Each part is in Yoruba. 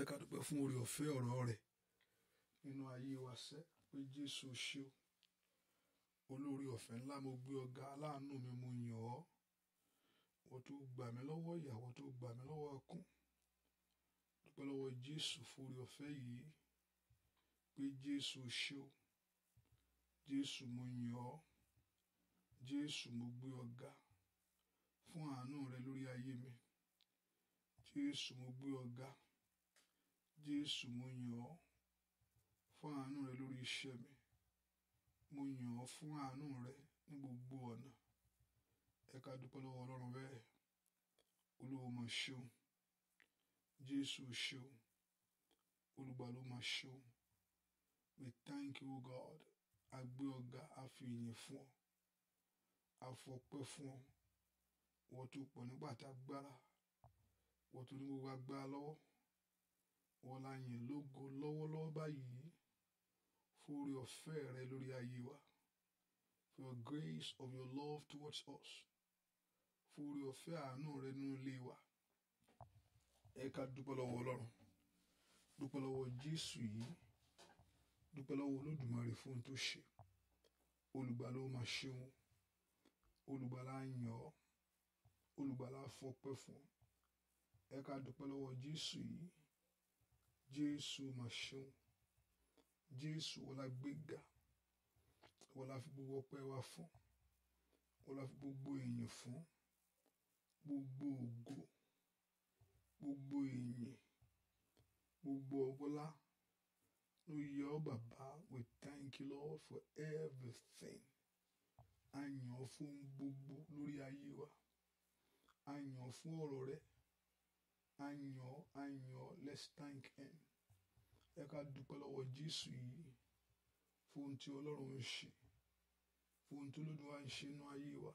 ẹ ká dúpẹ́ fún orí ọ̀fẹ́ ọ̀rọ̀ rẹ̀ nínú ayé wa sẹ́ pé Jésù ṣe o olórí ọ̀fẹ́ ńlá mo gbé ọ̀gá aláàánú mi mo yàn ọ́ wọ́n tó gbà mí lọ́wọ́ ìyàwó tó gbà mí lọ́wọ́ akún dúpẹ́ lọ́wọ́ Jésù fún orí ọ̀fẹ́ yìí pé Jésù ṣe o Jésù mo yàn ọ́ Jésù mo gbé ọ̀gá fún àánú rẹ lórí ayé mi Jésù mo gbé ọ̀gá. jésù mo yàn ọ́ fún àánú rẹ lórí iṣẹ́ mi mo yàn ọ́ fún àánú rẹ ní gbogbo ọ̀nà ẹ dúpẹ́ lọ́wọ́ ọlọ́run bẹ́ẹ̀ olúwo mà ṣeun jésù ṣeun olùgbàlà mà ṣeun we thank you god a ọga ọ̀gá a fi ìyìn fún ọ wọ́n la yìn lógo lọ́wọ́lọ́wọ́ báyìí fún orí ọ̀fẹ́ rẹ lórí ayé wa for your grace of your love towards us fún orí ọ̀fẹ́ àánú rẹ nínú ilé wa ẹ ká dúpẹ́ lọ́wọ́ ọlọ́run dúpẹ́ lọ́wọ́ jésù yìí dúpẹ́ lọ́wọ́ olódùmarè fún ohun tó ṣe olùgbàlà ó máa ṣeun olùgbàlà á yàn ọ́ olùgbàlà á fọpẹ́ fún ẹ ká dúpẹ́ lọ́wọ́ jésù yìí jésù mà ṣeun jésù wọ́n la gbéga fi gbogbo ọpẹ́ wa fún wọ́n la fi gbogbo èyìn fún gbogbo ògo gbogbo èyìn gbogbo ọgbọ́lá ló yẹ ọ́ we thank you lord for everything a yàn ọ́ gbogbo lori ayé wa a yàn ọ́ fún a yàn let's thank him ẹ ká dúpẹ́ lọ́wọ́ Jésù yìí fún ohun tí Ọlọ́run ń ṣe fún ohun tí Olódùmarè wa ń ṣe inú ayé wa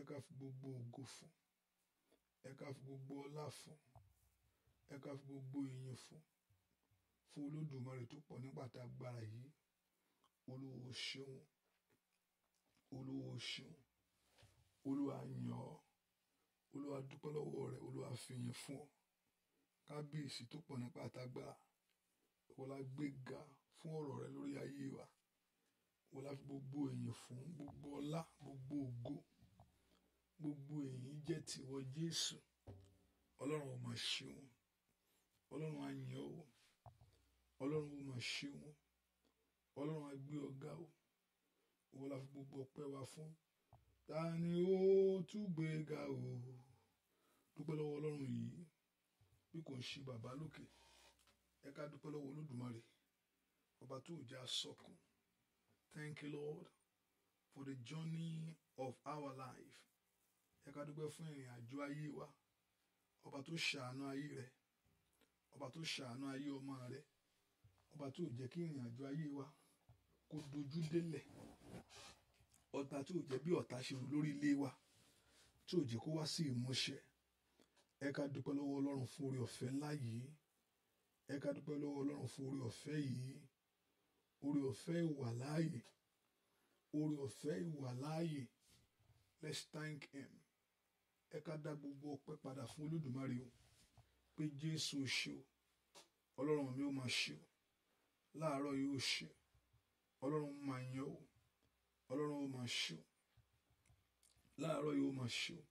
ẹ ká fi gbogbo ògo fún ẹ ká fi gbogbo ọlá fún ẹ ká fi gbogbo ìyìn fún fún Olódùmarè tó pọ̀ nípa tá agbára yìí Olúwa ṣeun Olúwa olúwa dúpẹ́ lọ́wọ́ rẹ olúwa fìyìn fún ọ kábíyèsí tó pọ̀ nípa àtagbára wọ́n la gbé ga fún ọ̀rọ̀ rẹ lórí ayé wa wọ́n la fi gbogbo èyìn fún gbogbo ọlá gbogbo ògo gbogbo èyìn jẹ́ tìwọ jésù ọlọ́run ò mà ṣe wọn ọlọ́run á yìn ọ́ wò ọlọ́run ò mà ṣe wọn ọlọ́run á gbé ọ ga o fi gbogbo ọpẹ́ wa fún ta ni ó tún gbé ga o dúpẹ́ lọ́wọ́ ọlọ́run yìí bí kò ń ṣe bàbá lókè ẹ ká dúpẹ́ lọ́wọ́ olódùmarè ọba tó jà sọkún thank you lord for the journey of our life ẹ ká dúpẹ́ fún ìrìn àjò ayé wa ọba tó ṣàánú ayé rẹ ọba tó ṣàánú ayé ọmọ rẹ ọba tó jẹ́ kí ìrìn àjò ayé wa kó dojú délẹ̀ ọ̀tá tí ò jẹ́ bí ọ̀tá ṣe rú lórí ilé wa tí ò jẹ́ kó wá sí ìmúṣẹ ẹ ká dúpẹ́ lọ́wọ́ ọlọ́run fún orí ọ̀fẹ́ ńlá yìí ẹ ká dúpẹ́ lọ́wọ́ ọlọ́run fún orí ọ̀fẹ́ yìí orí ọ̀fẹ́ ìwà láàyè orí ọ̀fẹ́ ìwà láàyè let's thank him ẹ ká dá gbogbo ọpẹ́ padà fún olódùmarè o pé jésù ṣe o ọlọ́run mi ó máa ṣe o láàárọ̀ yìí ó ṣe ọlọ́run máa yan o ọlọ́run ó máa ṣe o láàárọ̀ yìí ó máa ṣe o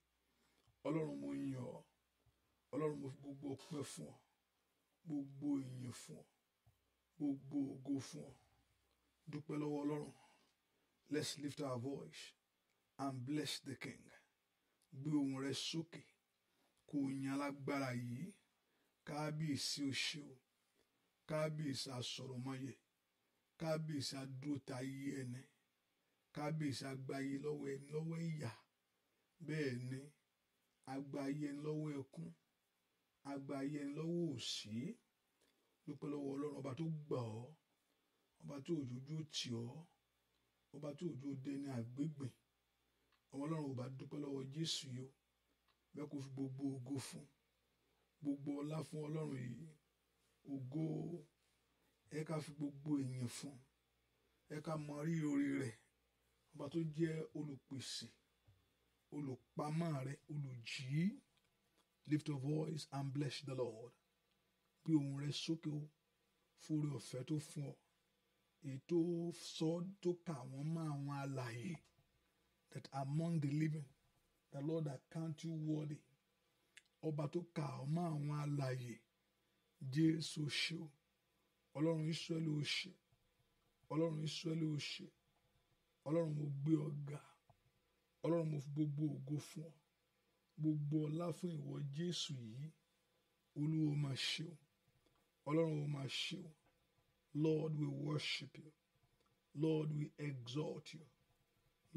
ọlọ́run mo yàn ọ́ ọlọ́run mo fi gbogbo ọpẹ́ fún ọ gbogbo ìyìn fún ọ gbogbo ògo fún ọ dúpẹ́ lọ́wọ́ ọlọ́run let's lift our voice and bless the king gbé ohùn rẹ sókè kó o yan alágbára yìí kábíyèsí o ṣé o kábíyèsí asọ̀rọ̀máyé kábíyèsí adúrótayé ẹni kábíyèsí agbayé lọ́wọ́ ẹni lọ́wọ́ ìyà bẹ́ẹ̀ ni agbayé ẹni lọ́wọ́ ẹkún agbayé ẹni lọ́wọ́ òṣì dúpẹ́ lọ́wọ́ ọlọ́run ọba tó gbà ọ́ ọba tó òjòjú tì ọ́ ọba tó òjò dẹni àgbègbè ọmọ ọlọ́run ọba dúpẹ́ lọ́wọ́ jésù yìí bẹ́ẹ̀ kó fi gbogbo ògo fún gbogbo ọlá fún ọlọ́run yìí ògo ẹ ká fi gbogbo èèyàn fún ẹ ká mọ rírì rẹ̀ ọba tó jẹ́ olùpèsè olùpamọ́ rẹ olùjì lift your voice and bless the Lord gbé ohùn rẹ sókè o fúre ọ̀fẹ́ tó fún ọ ètò sọ tó kà wọ́n mọ́ àwọn alààyè that among the living the Lord account you worthy ọba tó kà ọ́ mọ́ àwọn alààyè Jésù ṣe o ọlọ́run Ísírẹ́lì ó ṣe ọlọ́run Ísírẹ́lì ó ṣe ọlọ́run mo gbé ọ ga ọlọ́run mo fi gbogbo ògo fún ọ gbogbo ọlá fún ìwọ jésù yìí olúwo máa ṣe o ọlọ́run ó máa ṣe o lord we worship you lord we exalt you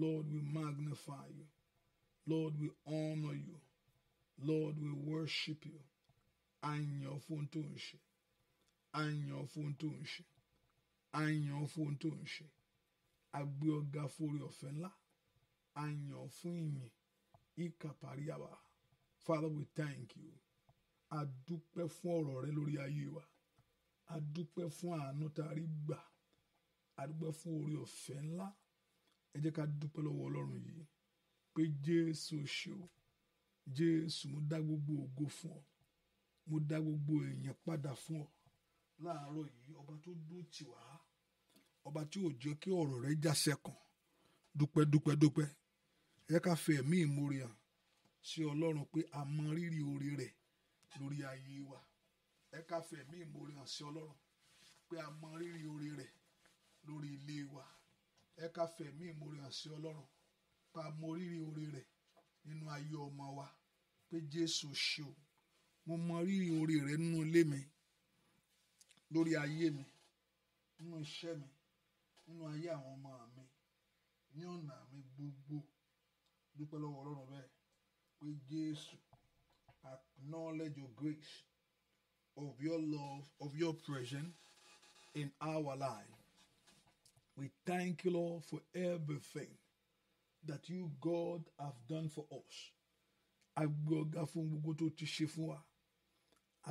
lord we magnify you lord we honour you lord we worship you àyàn fún tó ń ṣe àyàn fún tó ń ṣe àyàn fún tó ń ṣe agbé ọ̀gá forí ọ̀fẹ́ ńlá àyàn fún ìyìn ìkàpàríyàwá Father we thank you adúpẹ́ fún ọ̀rọ̀ rẹ lórí ayé wa adúpẹ́ fún àánú tá a rí gbà adúpẹ́ fún orí ọ̀fẹ́ ńlá ẹ jẹ́ ká dúpẹ́ lọ́wọ́ Ọlọ́run yìí pé Jésù ṣe Jésù mo dá gbogbo ògo fún ọ mo dá gbogbo èèyàn padà fún ọ láàárọ̀ yìí ọba tó dúró tì wá ọba tí ò jẹ́ kí ọ̀rọ̀ rẹ̀ já sẹ́kàn dúpẹ́ dúpẹ́ dúpẹ́ ẹ jẹ́ ká fi ẹ̀mí ìmoore hàn sí ọlọ́run pé a mọ rírì oore rẹ̀ lórí ayé wa ẹ ká fi ẹ̀mí ìmoore hàn sí ọlọ́run pé a mọ rírì oore rẹ̀ lórí ilé wa ẹ ká fi ẹ̀mí ìmoore hàn sí ọlọ́run pé a mọ rírì oore rẹ̀ nínú ayé ọmọ wa pé jésù ṣe o mo mọ rírì oore rẹ̀ nínú ilé mi lórí ayé mi nínú iṣẹ́ mi nínú ayé àwọn ọmọ mi ní ọ̀nà mi gbogbo dúpẹ́ lọ́wọ́ ọlọ́run bẹ́ẹ̀ pé jésù acknowledge your grace of your love of your presence in our life we thank you lord for everything that you god have done for us agbé ọ̀gá fún gbogbo tó ti ṣe fún wa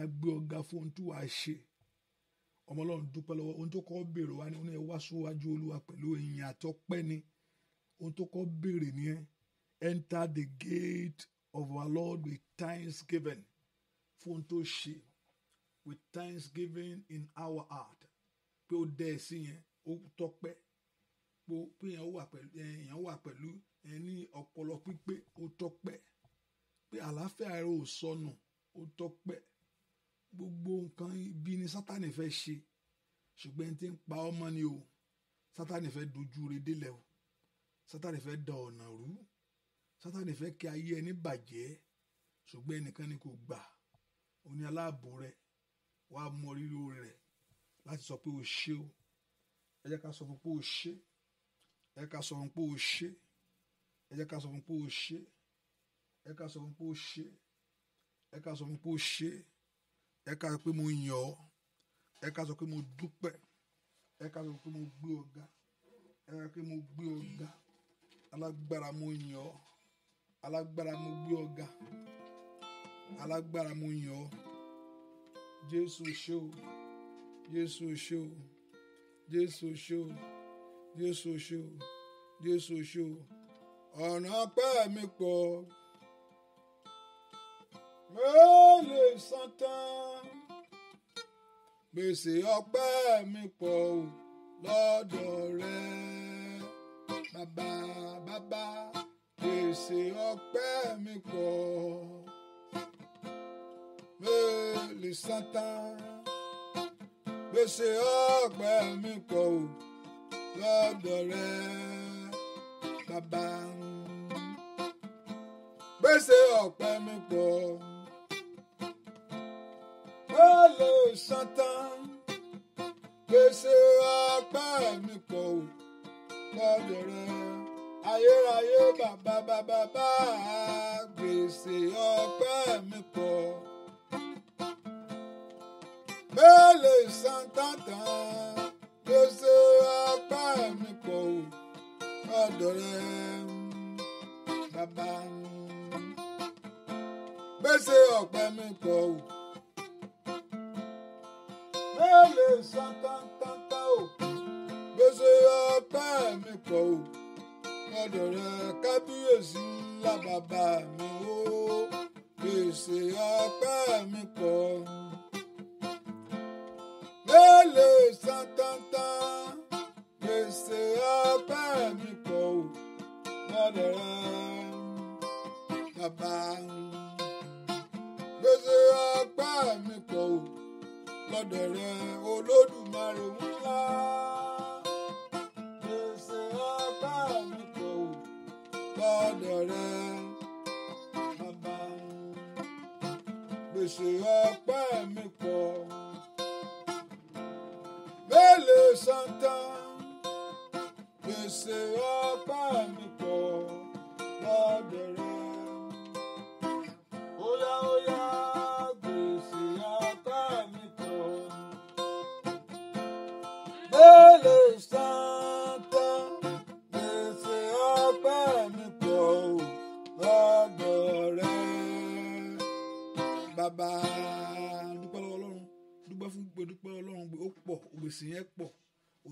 agbé ọ̀gá fún tó wàá ṣe. ọmọ ọlọ́run dúpẹ́ lọ́wọ́ ohun tó kọ́ béèrè wa ni ó ní ẹ wá síwájú olúwa pẹ̀lú ìyìn àtọ́pẹ́ ni ohun tó kọ́ béèrè ni ẹ enter the gate of our Lord with thanksgiving fún ohun tó ṣe with thanksgiving in our heart pé ó dẹ́ ẹ sí yẹn ó tọ́pẹ́ pé èèyàn wà pẹ̀lú ẹni ọpọlọ pípé ó tọ́pẹ́ pé àlàáfíà rẹ ò sọnù ó tọ́pẹ́ gbogbo nǹkan ibi ni sátani fẹ́ ṣe ṣùgbọ́n ẹni tí ń pa ọmọ ni o sátani fẹ́ dojú rẹ̀ délẹ̀ o sátani fẹ́ da ọ̀nà rú sátani fẹ́ kí ayé ẹni bàjẹ́ ṣùgbọ́n ẹnìkan ni kò gbà ó ní aláàbò rẹ wàá mọ rírò rẹ láti sọ pé o ṣe o ẹ jẹ́ ká sọ fún pé o ṣe ẹ jẹ́ ká sọ fún pé o ṣe ẹ jẹ́ ká sọ fún pé o ṣe ẹ jẹ́ ká sọ fún pé o ṣe ẹ jẹ́ ká sọ fún pé o ṣe ẹ ká sọ pé mo yàn ọ́ ẹ ká sọ pé mo dúpẹ́ ẹ ká sọ pé mo gbé ọ ga ẹ ká sọ pé mo gbé ọ ga alágbára mo yàn ọ́ alágbára mo gbé ọ ga alágbára mo yàn ọ́ jésù ṣé o jésù ṣé o jésù ṣé o jésù ṣé o jésù ṣé o ọ̀nà pẹ́ mi pọ̀ mélè san tán gbèsè ọpẹ́ mi pọ̀ o lọ́dọ̀ rẹ bàbá bàbá gbèsè ọpẹ́ mi pọ̀ mélè san tán gbèsè ọpẹ́ mi pọ̀ o lọ́dọ̀ rẹ bàbá gbèsè ọpẹ́ mi pọ̀ pé lè san tán gbèsè ọpẹ́ mi kò lọ́dọ̀ rẹ ayérayé bàbá bàbá bá gbèsè ọpẹ́ mi kò pé lè san tán tán gbèsè ọpẹ́ mi kò lọ́dọ̀ rẹ bàbá gbèsè ọpẹ́ mi kò lè san tántántá o gbèsè ọpẹ́ mi pọ̀ o ọ̀dọ̀ rẹ kábíyèsí lábàbà mi o gbèsè ọpẹ́ mi pọ̀ lè lè san tántán gbèsè ọpẹ́ mi pọ̀ o ọ̀dọ̀ rẹ bàbá gbèsè ọpẹ́ mi pọ̀ o lọ́dọ̀ rẹ olódùmarè ńlá. gbèsè ọgbà mi kò lọ́dọ̀ rẹ bàbá. gbèsè ọgbà mi kò bẹ́ẹ̀ lè san tán. mi kò.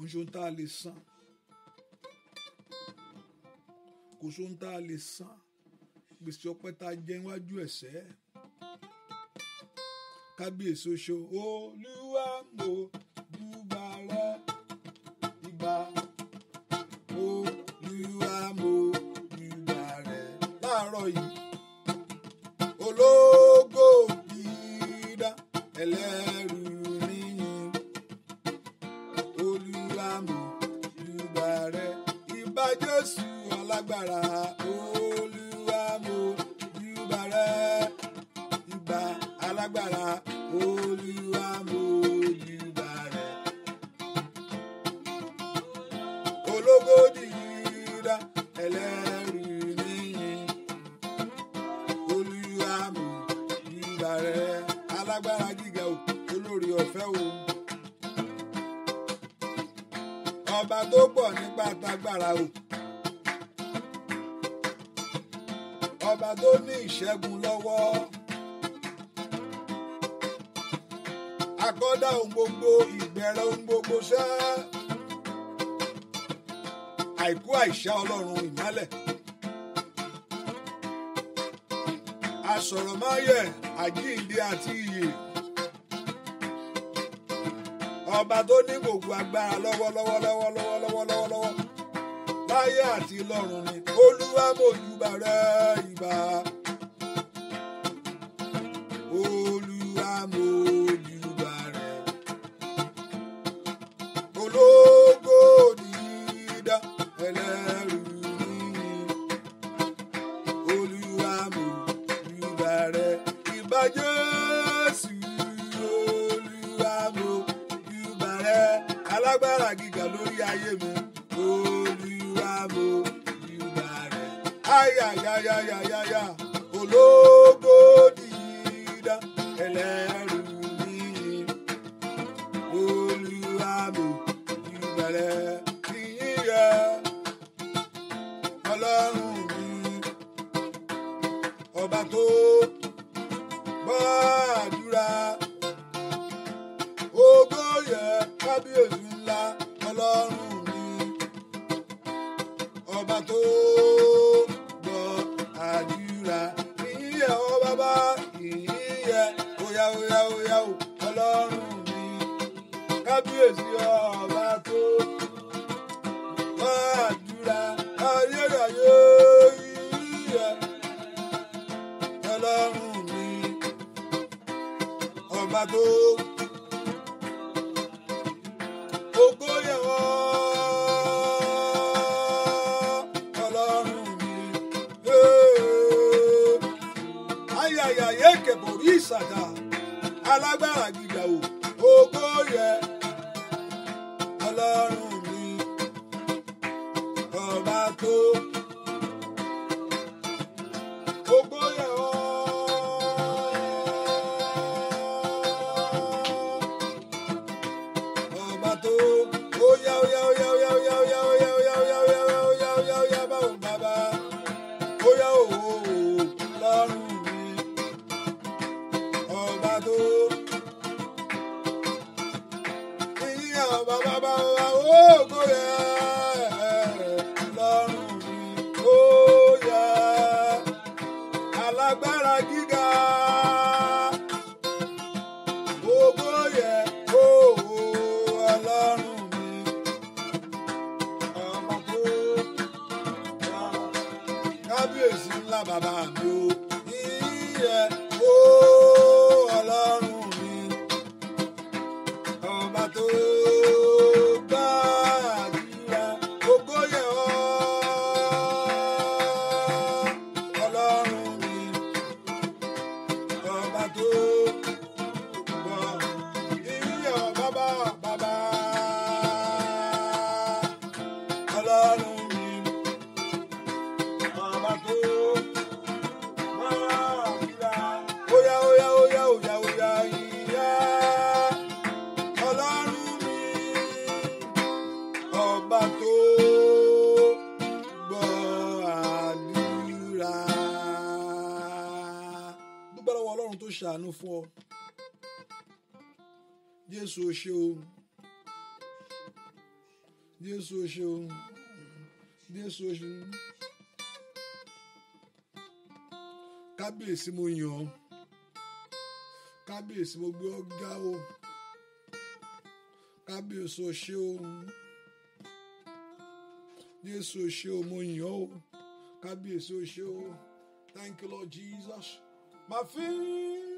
ń ṣe ohun tá a lè san kò sóhun tá a lè san gbèsè ọpẹ́ tá a jẹ níwájú ẹ̀ṣẹ̀ kábíyèsí oṣó olúwa mo. Jésù Olúwa mo júbà rẹ alágbára gíga lórí ayé mi Olúwa mo júbà rẹ ayayayayaya olóò. kábíyèsí ńlá bàbá mi o. Deus o ṣé o jésù o ṣé o jésù o ṣé o kábíyèsí mo yàn ọ́ kábíyèsí mo gbé ọ́ o kábíyèsí o o jésù o ṣé o mo thank you lord jesus my feet.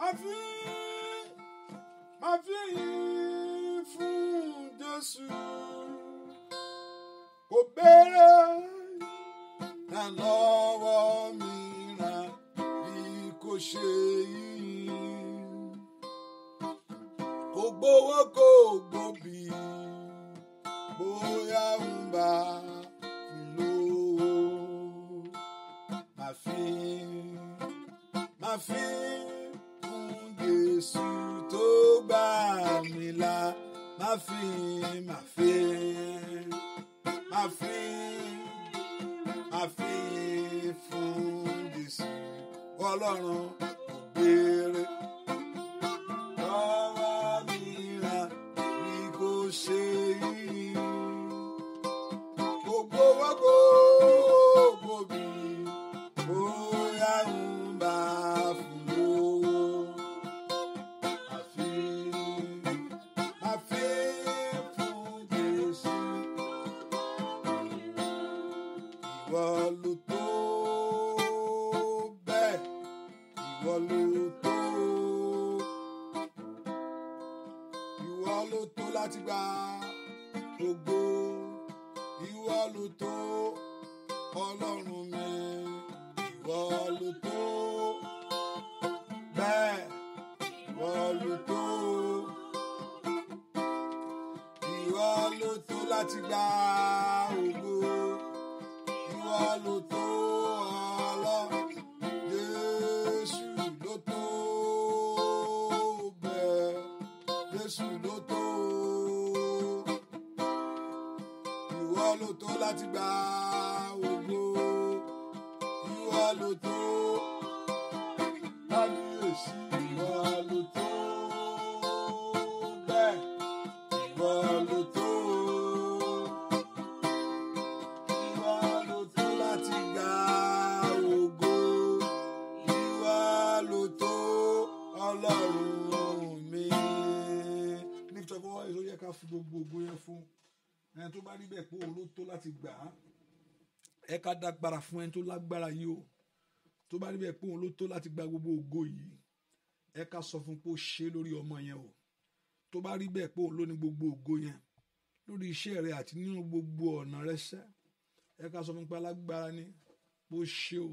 I feel máa fi yìn fún Jésù kò béèrè ìrànlọ́wọ́ mìíràn bí kò ṣe yìnyín kò gbowó kò gbòbí bóyá ń bá lówó máa fi máa fi fún Jésù. Ma fille, ma fille, ma fille, ma fille Ọlọ́run béèrè. ká dágbára fún ẹni tó lágbára yìí o tó bá níbẹ̀ pé òun ló tó láti gba gbogbo ògo yìí ẹ ká sọ fún pé ó ṣe lórí ọmọ yẹn o tó bá rí bẹ́ẹ̀ pé òun ló ní gbogbo ògo yẹn lórí iṣẹ́ rẹ àti nínú gbogbo ọ̀nà rẹ sẹ́ ẹ ká sọ fún pé alágbára ni pé ó ṣe o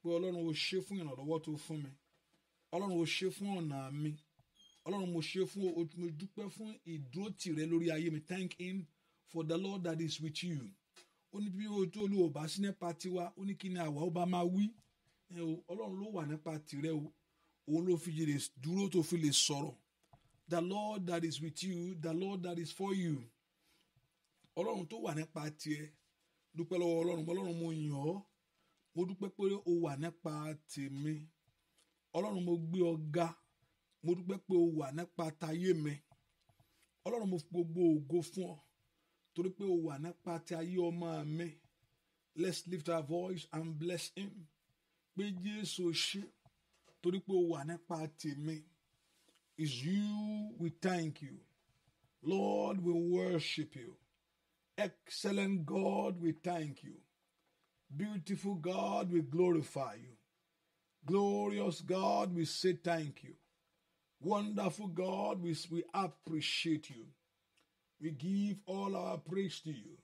pé ọlọ́run ó ṣe fún ìrànlọ́wọ́ tó fún mi ọlọ́run ó ṣe fún ọ̀nà mi ọlọ́run mo ṣe fún o mo dúpẹ́ fún ìdúró tìrẹ lórí ayé mi thank him for the Lord that is with you ó ní bí ojú olúwo bá sí nípa tiwa ó ní kí ni àwa ó bá máa wí ọlọ́run ló wà nípa tirẹ̀ o òun ló fi lè dúró tó fi lè sọ̀rọ̀ the lord that is with you the lord that is for you ọlọ́run tó wà nípa tiẹ̀ dúpẹ́ lọ́wọ́ ọlọ́run ọlọ́run mo yàn ọ́ mo dúpẹ́ pé o wà nípa tèmi ọlọ́run mo gbé ọ ga mo dúpẹ́ pé o wà nípa tayé mi ọlọ́run mo fi gbogbo ògo fún ọ torí pé o wà nípa ti ayé ọmọ mi let's lift our voice and bless him pé Jésù ṣe torí pé o wà nípa tèmi is you we thank you Lord we worship you excellent God we thank you beautiful God we glorify you glorious God we say thank you wonderful God we, we appreciate you. We give all our praise to you,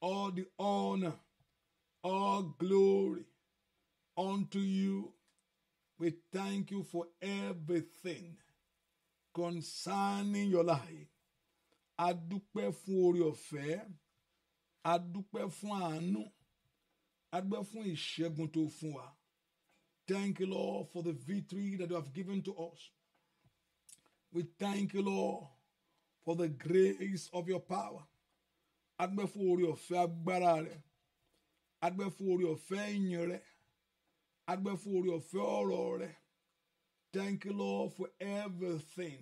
all the honor, all glory unto you. We thank you for everything concerning your life. A dúpẹ́ fún oore ọ̀fẹ́, a dúpẹ́ fún àánú, a dúpẹ́ fún ìṣẹ́gun tó fún wa. Thank you, Lord, for the victory that you have given to us. We thank you, Lord, for the grace of your power adúpẹ́ fún oore ọ̀fẹ́ agbára rẹ adúpẹ́ fún oore ọ̀fẹ́ ìyìn rẹ adúpẹ́ fún oore ọ̀fẹ́ ọ̀rọ̀ rẹ thank you lord for everything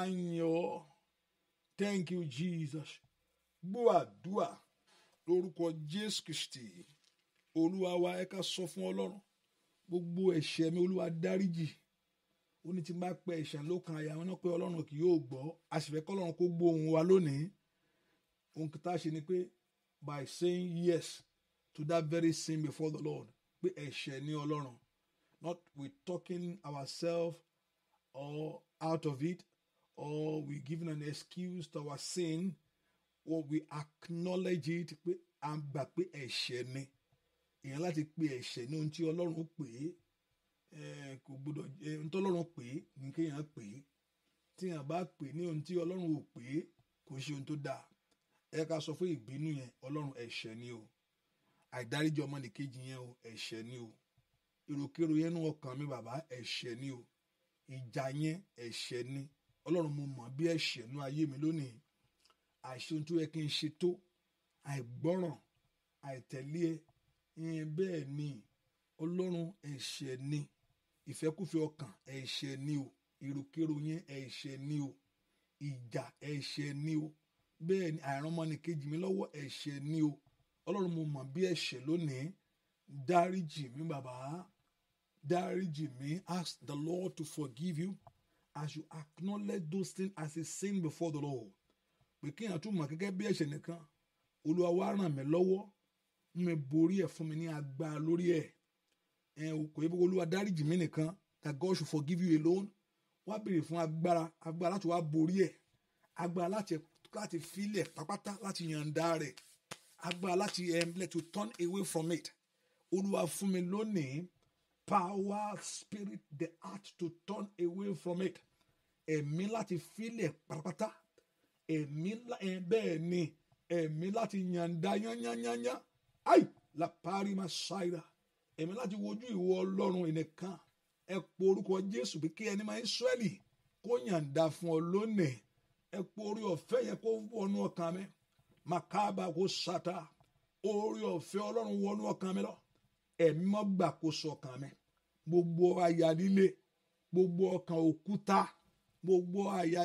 ayọ̀ thank you jesus gbọ́ àdúà lórúkọ jésù kristi olúwa wa ẹ ká sọ fún ọlọ́run gbogbo ẹ̀ṣẹ̀ mi olúwa dáríjì ó ní tí n bá pẹ ìṣàn ló kan àyà wọn náà pé ọlọ́run kì yóò gbọ́ a sì fẹ́ kọ́ ọlọ́run kó gbọ́ ohùn wa lónìí ohun tá a ṣe ni pé by saying yes to that very sin before the Lord pé ẹ̀ṣẹ̀ ní ọlọ́run not We talking ourselves or out of it or we giving an excuse to our sin or we acknowledge it pé à ń gbà pé ẹ̀ṣẹ̀ ni èèyàn láti pe ẹ̀ṣẹ̀ ní ohun tí ọlọ́run pè é kò gbọdọ̀ ohun tọ́lọ́run pè é ní kéèyàn pè é tíyàn bá pè ní ohun tí ọlọ́run ò pè é kò ṣe ohun tó dáa ẹ ká sọ fún ìbínú yẹn ọlọ́run ẹ̀ṣẹ̀ ni o àìdáríjì ọmọnìkejì yẹn o ẹ̀ṣẹ̀ ni o èròkérò yẹn nú ọkàn mi bàbá ẹ̀ṣẹ̀ ni o ìjà yẹn ẹ̀ṣẹ̀ ni ọlọ́run mo mọ̀ bí ẹ̀ṣẹ̀ nú ayé mi lónìí àìṣe ohun tó yẹ kí n ṣe tó àìgbọ́ràn àìtẹ̀lé ẹ bẹ́ẹ̀ ni ọlọ́run ẹ̀ṣẹ̀ ni ìfẹ́kùfẹ́ ọkàn ẹ̀ṣẹ̀ ni o ìrùkérò yẹn ẹ̀ṣẹ̀ ni o ìjà ẹ̀ṣẹ̀ ni o bẹ́ẹ̀ ni àìrànmọ́nìkejì mi lọ́wọ́ ẹ̀ṣẹ̀ ni o ọlọ́run mo mọ̀ bí ẹ̀ṣẹ̀ lónìí dáríjì mi bàbá dáríjì mi ask the lord to forgive you as you acknowledge those things as a sin before the lord pé kí èèyàn tún mọ̀ gẹ́gẹ́ bí ẹ̀ṣẹ̀ nìkan olúwa wá ràn mí lọ́wọ́ mi borí ẹ̀ fún mi ní agbára lórí ẹ̀ ẹ o kò yẹ kó olúwa dáríjì mí nìkan that God should forgive you alone wá béèrè fún agbára agbára láti wá borí ẹ agbára láti láti filẹ̀ pápátá láti yànda rẹ̀ agbára láti um, let you turn away from it olúwa fún mi lónìí power spirit the heart to turn away from it ẹ̀mí láti filẹ̀ pátápátá ẹ̀mí bẹ́ẹ̀ ni ẹ̀mí láti yànda yányányányá ai la pari ma ṣáìra èmi láti wojú ìwọ ọlọ́run ẹnìkan ẹ po orúkọ jésù pé kí ẹni máa ìsírẹ́lì kó yàǹda fún ọ lónìí ẹ po orí ọ̀fẹ́ yẹn kó wọnú ọkàn mi màkàbà kó sata orí ọ̀fẹ́ ọlọ́run wọnú ọkàn mi lọ ẹ̀mí mọ́ gbàkóso ọkàn mi gbogbo àyà gbogbo ọkàn òkúta gbogbo àyà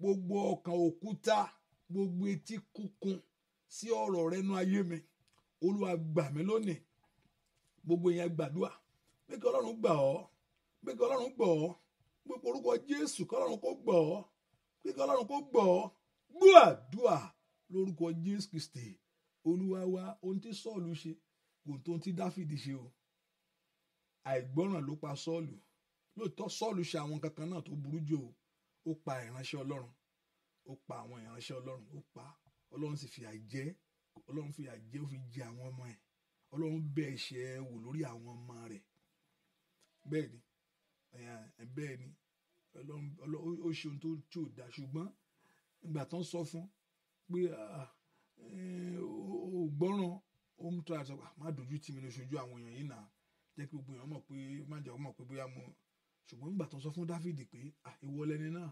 gbogbo ọkàn òkúta gbogbo etí kúkún sí ọ̀rọ̀ rẹ ayé mi olúwa gbà mí lónìí gbogbo yẹn gbàdúrà pé kí ọlọ́run gbà ọ́ pé kí ọlọ́run gbọ́ ọ́ pé orúkọ jésù kí ọlọ́run kó gbọ́ ọ́ pé kí ọlọ́run kó gbọ́ ọ́ gbọ́ lórúkọ jésù kristi olúwa ohun tí sọ́ọ̀lù ṣe kò tó ohun tí dáfídì ṣe o àìgbọ́ràn ló pa sọ́ọ̀lù lóòótọ́ sọ́ọ̀lù ṣe àwọn kankan náà tó burú jù o ó pa ìránṣẹ́ ọlọ́run ó pa àwọn ìránṣẹ́ ọlọ́run ó pa ọlọ́run sì fìyà jẹ ọlọ́run fìyà jẹ ó fi jẹ àwọn ọmọ ẹ̀ ọlọ́run bẹ̀ ẹ̀ṣẹ̀ wò lórí àwọn ọmọ rẹ̀ bẹ́ẹ̀ ni bẹ́ẹ̀ ni ọlọ́run ó ṣe ohun tó tí ò dá ṣùgbọ́n ìgbà tán sọ fún pé ó gbọ́ràn ó ń tra àṣọ má dojú tì mí ní oṣooju àwọn èèyàn yìí náà jẹ́ kí gbogbo èèyàn mọ̀ pé má jẹ́ ọmọ pé bóyá mo ṣùgbọ́n ìgbà tán sọ fún dáfídì pé ìwọ lẹni náà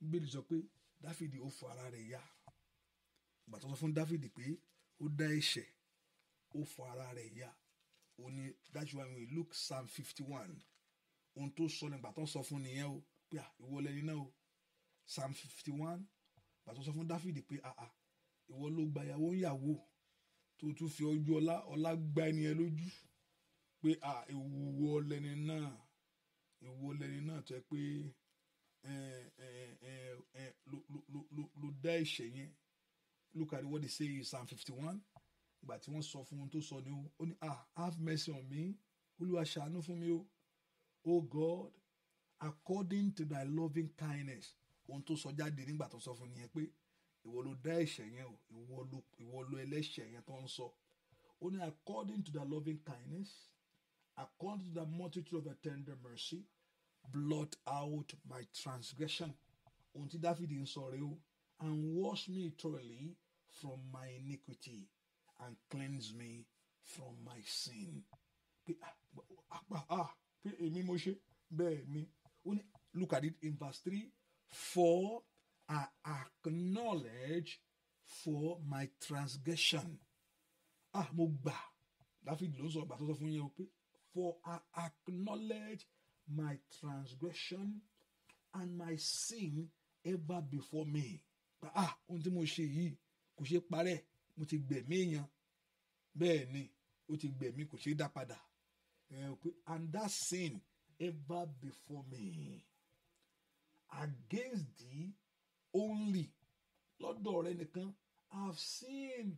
bíbélì sọ pé dáfídì ó fọ ara rẹ̀ yá ìgbà tán sọ fún dáfídì pé ó dá ẹ̀ṣẹ̀ ó fọ ara rẹ̀ ya ó ní dájú àwọn ìlú psalm fifty one ohun tó sọ nígbà tó sọ fún nìyẹn o pé ah, ìwọ lẹni náà o psalm fifty one gbà tó sọ fún dáfídì pé àà ah, ah, ìwọ ló gba ìyàwó ìyàwó tó tún fi ojú ọlá ọlá gba ẹni ẹ lójú pé à ìwọ lẹni náà ìwọ lẹni náà tó yẹ pé ló dá ẹ̀ṣẹ̀ yẹn look at what they say in psalm fifty one ìgbà tí wọ́n sọ fún un tó sọ ni ó ní ah have mercy on me olúwa ṣàánú fún mi o oh God according to thy loving kindness ohun tó sọ jáde nígbà tó sọ fún nìyẹn pé ìwọ ló dá ẹ̀ṣẹ̀ yẹn o ìwọ ló ìwọ ló ẹlẹ́ṣẹ̀ yẹn tó ń sọ ó ní according to thy loving kindness according to the multitude of thy tender mercy blot out my transgression ohun tí dáfídì ń sọ rèé o and wash me thoroughly from my iniquity and cleanse me from my sin. Ah, ah, ah, look at it in verse three for I acknowledge for my transgression. Ah mo gbà Dáfídì ló ń sọ ìgbà tó sọ fún yẹn for I acknowledge my transgression and my sin ever before me. Ah ohun tí mo ṣe mo ti gbẹ̀mí èèyàn bẹ́ẹ̀ ni ó ti gbẹ̀mí kò ṣeé dá padà and that sin ever before me against thee only lọ́dọ̀ rẹ nìkan I have sinned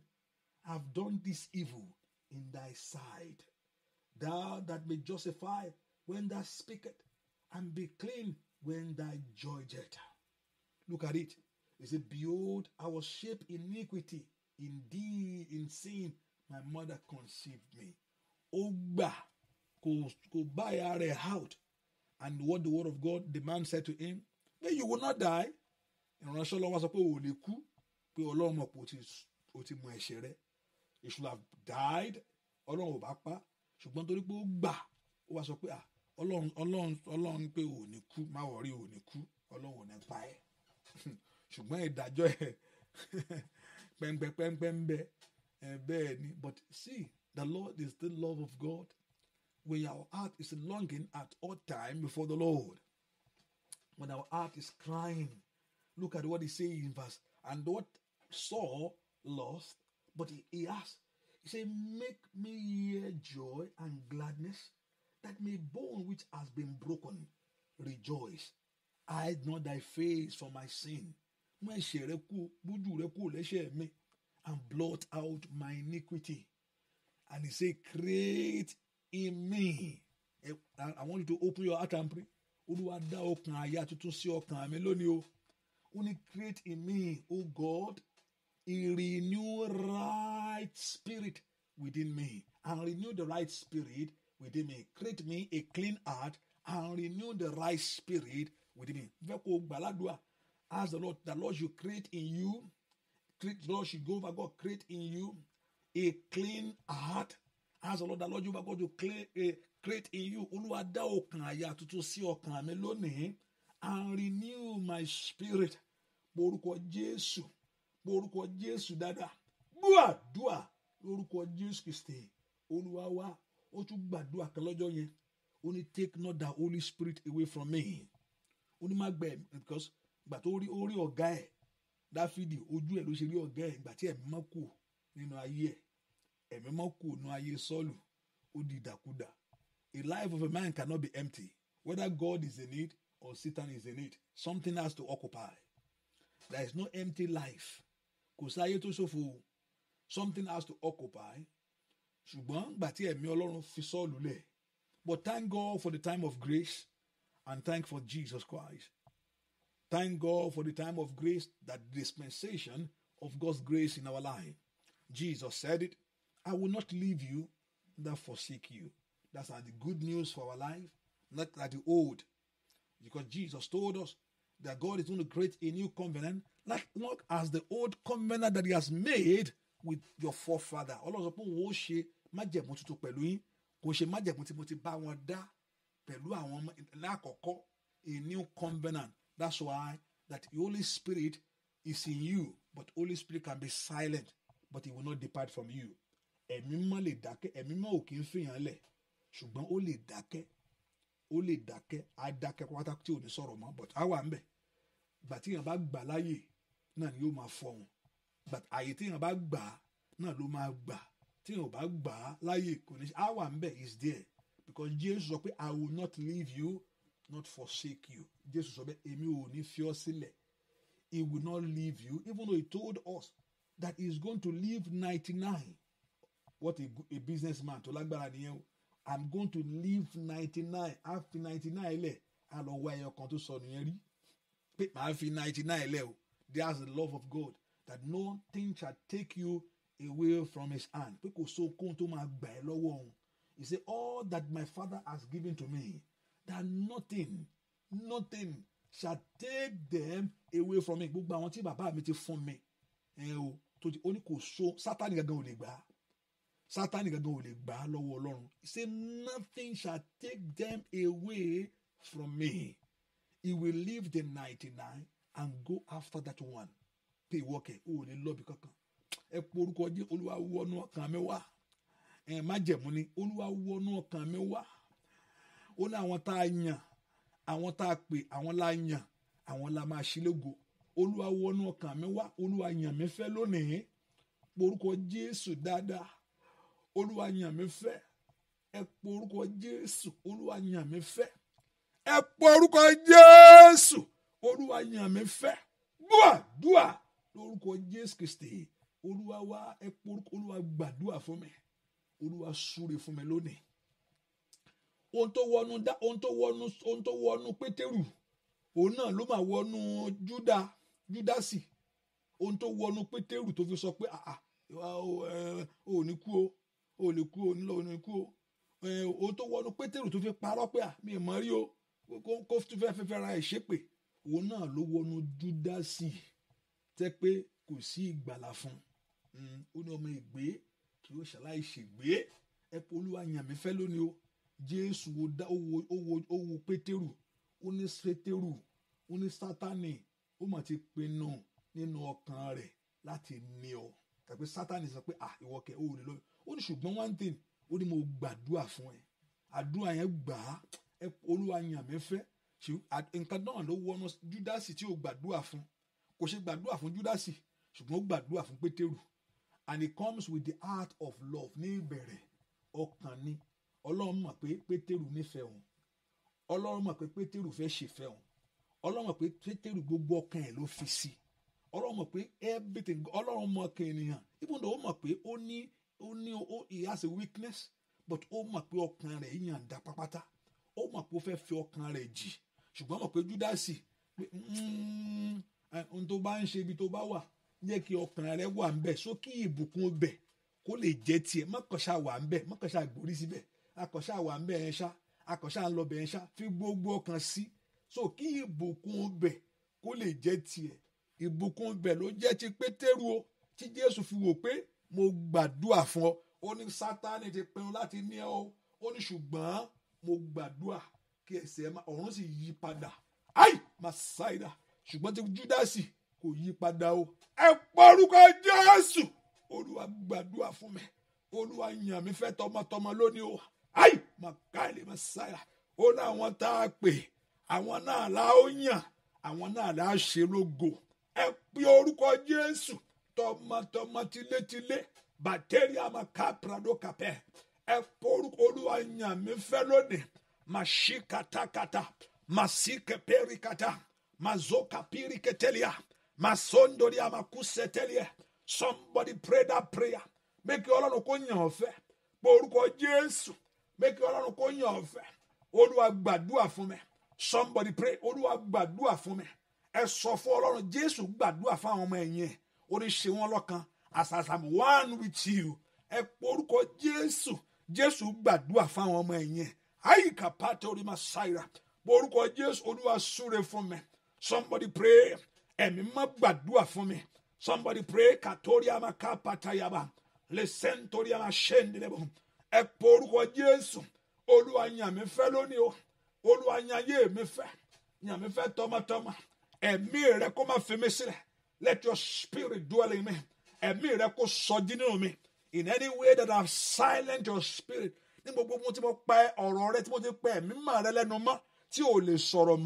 I have done this evil in thy sight thou that may justify when thou speakest and be clean when thou judgest. Look at it. He said, Behold, I was shaped iniquity indeed in sin my mother conceived me ó gbà kò kò bá ìyá rẹ̀ out and what the word of God the man said to him "May you will not die ìránṣẹ́ ọlọ́wọ́ sọ pé o ò lè kú pé ọlọ́run mọ̀ pé o ti mọ ẹ̀ṣẹ̀ rẹ you should have died ọlọ́run ò bá pa ṣùgbọ́n torí pé ó gbà ó wá sọ pé ah, ọlọ́run ọlọ́run ọlọ́run pé ò ní kú má wọ̀rí ò ní kú ọlọ́run ò ní pa ẹ́ ṣùgbọ́n ìdájọ́ ẹ̀ Eh, but see, the Lord is the love of God, where our heart is longing at all time before the Lord. When our heart is crying, look at what he says in verse. And what Saul lost, but he, he asked, he said, Make me hear joy and gladness, that my bone which has been broken rejoice. Hide not thy face from my sin mú ẹ̀ṣẹ̀ rẹ kú gbójú rẹ kú lẹ́ṣẹ̀ mi and blot out my iniquity and he say create in me i want you to open your heart and pray olúwa dá ọkàn àyà tuntun sí ọkàn mi lónìí o ó ní create in me o oh god a renew right spirit within me and renew the right spirit within me create me a clean heart and renew the right spirit within me fẹ́ kó gbàládùá Ask the Lord the Lord should create in you, create, Lord should go over God, create in you a clean heart. Ask the Lord the Lord you God to create eh, create in you. Olúwa dá ọkàn àyà tuntun sí ọkàn mi lónìí and renew my spirit. Borúkọ Jésù, borúkọ Jésù dada. Gbúàdúà lórúkọ Jésù Kristì. Olúwa wa, ó tún gbàdúà kan yẹn. Ó ní take not the Holy Spirit away from me. Ó ní má gbẹ̀ because gbà tó rí orí ọ̀gá ẹ̀ dáfídì ojú ẹ̀ ló ṣe rí ọ̀gá ẹ̀ gbà tí ẹ̀mí mọ́ kù nínú ayé ẹ̀ ẹ̀mí mọ́ kù nínú ayé sọ́ọ̀lù ó di ìdàkudà a life of a man cannot be empty whether God is in it or Satan is in it something has to occupy there is no empty life kò sáyé tó ṣòfò something has to occupy ṣùgbọ́n gbà tí ẹ̀mí ọlọ́run fi sọ́ọ̀lù lẹ̀ but thank God for the time of grace and thank for Jesus Christ Thank God for the time of grace, that dispensation of God's grace in our life. Jesus said it, I will not leave you nor forsake you. That's the good news for our life, not like the old. Because Jesus told us that God is going to create a new covenant, not, not as the old covenant that He has made with your forefather. All sọ pé òun ó ṣe kò ṣe májẹ̀mú tí mo ti bá wọn dá pẹ̀lú àwọn lákọ̀ọ́kọ́ a new covenant That's why that the Holy Spirit is in you, but Holy Spirit can be silent, but he will not depart from you. Ẹ̀mí mọ́ lè dákẹ́, ẹ̀mí mọ́ ò kí ń fìyàn lẹ̀, ṣùgbọ́n ó lè dákẹ́, ó lè dákẹ́, á dákẹ́ pátá tí ò ní sọ̀rọ̀ mọ́, but á wà ń bẹ̀. Gbà tí èèyàn bá gbà láàyè náà ni yóò máa fọhùn. Gbà àyè tí èèyàn bá gbà náà ló máa gbà. Tí èèyàn bá gbà láàyè kò ní ṣe, á wà ń bẹ̀ is there because Jesus sọ pé I will not leave you not forsake you Jesus sọ bẹ́ẹ̀ èmi ò ní fi ọ́ sílẹ̀ he will not leave you even though he told us that he is going to leave ninety-nine what a, a businessman to lágbára nìyẹn o i'm going to leave ninety-nine After ninety-nine lẹ̀ á lọ wá ẹyọ kan tó sọnù yẹn rí pé màá fi ninety-nine lẹ̀ o there's the love of God that no thing shall take you away from his hand pé kò sókun tó máa gbà ẹ́ lọ́wọ́ òun he say all that my father has given to me that nothing nothing shall take them away from me gbogbo àwọn tí bàbá mi ti fún mi ẹ o tó ti ó ní kò so sátani gangan ò lè gbà á sátani gangan ò lè gbà á lọ́wọ́ ọlọ́run he say nothing shall take them away from me he will leave the ninety-nine and go after that one pé ìwọ́kẹ̀ ó lè lọ́ọ̀bì kankan ẹ po orúkọ jẹ́ olúwa wọnú ọkàn mi wá ẹ má jẹ̀mú ni olúwa wọnú ọkàn mi wá ó ní àwọn tá a yàn àwọn tá a pè àwọn la yàn àwọn la máa ṣe lógo olúwa wọnú ọkàn mi wá olúwa yàn mí fẹ́ lónìí porúkọ jésù dáadáa olúwa yàn mí fẹ́ ẹ porúkọ jésù olúwa yàn mí fẹ́ ẹ porúkọ jésù olúwa yàn mí fẹ́ dùà dùà lórúkọ jésù kristi olúwa wá ẹ porúkọ olúwa gbàdúà fún mi olúwa súre fún mi lónìí ohun tó wọnú dá ohun tó wọnú ohun tó wọnú pétérù òun náà ló máa wọnú júdà júdásì ohun tó wọnú pétérù tó fi sọ pé àà ò ní kú o ò ní kú o nílò ò ní kú o ohun tó wọnú pétérù tó fi parọ́ pé à mi ì mọ̀ rí o kó tó fẹ́ fẹ́ ra ẹ̀ ṣépè òun náà ló wọnú júdásì tẹ́ pé kò sí ìgbàlà fún un hm, ó ní ọmọ ìgbé kí ó ṣàlàyé ṣègbé ẹ polúwa yàn mí fẹ́ lónìí o jésù ó wo pétérù ó ní pétérù ó ní sátánì ó mà ti pinnu nínú ọkàn rẹ̀ láti ní ọ tàbí sátánì sọ pé ah ìwọ kẹ ó lè lọ ó ní ṣùgbọ́n one thing ó ní mo gbàdúrà fún ẹ àdúrà yẹn gbà á olúwa yàn mí fẹ́ nǹkan náà ló wọnú júdásì tí ó gbàdúrà fún kò ṣe gbàdúrà fún júdásì ṣùgbọ́n ó gbàdúrà fún pétérù and it comes with the heart of love ní ìbẹ̀rẹ̀ ọkàn ni ọlọ́run mọ̀ pé pétérù nífẹ̀ẹ́ òun ọlọ́run mọ̀ pé pétérù fẹ́ ṣèfẹ́ òun ọlọ́run mọ̀ pé pétérù gbogbo ọkàn ẹ̀ ló fi sí ọlọ́run mọ̀ pé everything ọlọ́run mọ̀ kan ènìyàn even though ó mọ̀ pé ó ní ó ní ó he has a weakness but ó mọ̀ pé ọkàn rẹ̀ yànda pápátá ó mọ̀ pé ó fẹ́ fi ọkàn rẹ̀ jì ṣùgbọ́n mọ̀ pé júdásì pé hmm, ohun tó bá ń ṣe ibi tó bá wà jẹ́ kí ọkàn rẹ̀ wà ń bẹ̀ sókè ìbùkún bẹ̀ kó lè jẹ́ tiẹ̀ mọ́kànṣá wà ń bẹ̀ mọ́kànṣá gbórí síbẹ̀ akọ̀ṣà wà ń bẹ̀ yẹn ṣá akọ̀ṣà ń lọ bẹ̀ yẹn ṣá fi gbogbo ọkàn sí so kí ìbùkún bẹ̀ kó lè jẹ́ tiẹ̀ ìbùkún bẹ̀ ló jẹ́ ti pétérù o tí jésù fi wò pé mo gbàdúrà fún ọ ó ní sátánì ti pinnu láti ní ẹ o ó ní ṣùgbọ́n mo gbàdúrà kí ẹsẹ̀ ọ̀run sì yí padà ai masaida ṣùgbọ́n ti júdásì kò yí padà o ẹ pọ́rúkọ jésù olúwa gbàdúrà fún mi olúwa yàn mí fẹ́ tọmọtọmọ lónìí o ai makali masaya ó láwọn tá a pè àwọn náà la ó yàn àwọn náà la ṣe lógo ẹ pe orúkọ jésù tọmọtọmọ tilétilé bàtẹ́rì àmà kápradó kapẹ́ ẹ porúkọ olúwa yàn mí fẹ́ lónìí màṣí katakata màṣí kẹpẹ́rì kata màzó kapírì kẹtẹ́líà màsóńdòrí àmà kùsẹ̀tẹ́líà somebody pray that prayer make ọlọ́run kó yàn ọ́ fẹ́ pe orúkọ jésù mẹ́kì ọlọ́run kó yàn ọ̀fẹ́ olúwa gbàdúrà fún mi somebody pray olúwa gbàdúrà fún mi ẹ sọ fún ọlọ́run jésù gbàdúrà fún àwọn ọmọ ẹ̀yìn ẹ̀ ó ní ṣe wọ́n lọ́kan as I am one with you ẹ porúkọ jésù jésù gbàdúrà fún àwọn ọmọ ẹ̀yìn ẹ̀ àyíká pàtó orí máa ṣàìrà porúkọ jésù olúwa súre fún mi somebody pray ẹ̀mí má gbàdúrà fún mi somebody pray kàtórí àmà ká pàtàyàbà lè sẹ́ńtórí àmà ṣẹ́ńdínlẹ́bọ̀ ẹ po jésù olúwa yàn mí lónìí o olúwa yàn mi fẹ́ yàn mí tọmọtọmọ ẹ̀mí rẹ kó má fi mí sílẹ̀ let your spirit dwell in me ẹ̀mí rẹ kó sọjí nínú mi in any way that i silent your spirit ní gbogbo mo ti mo pẹ ọ̀rọ̀ rẹ tí mo ti pẹ ẹ̀mí mà rẹ lẹ́nu mọ́ tí ò lè sọ̀rọ̀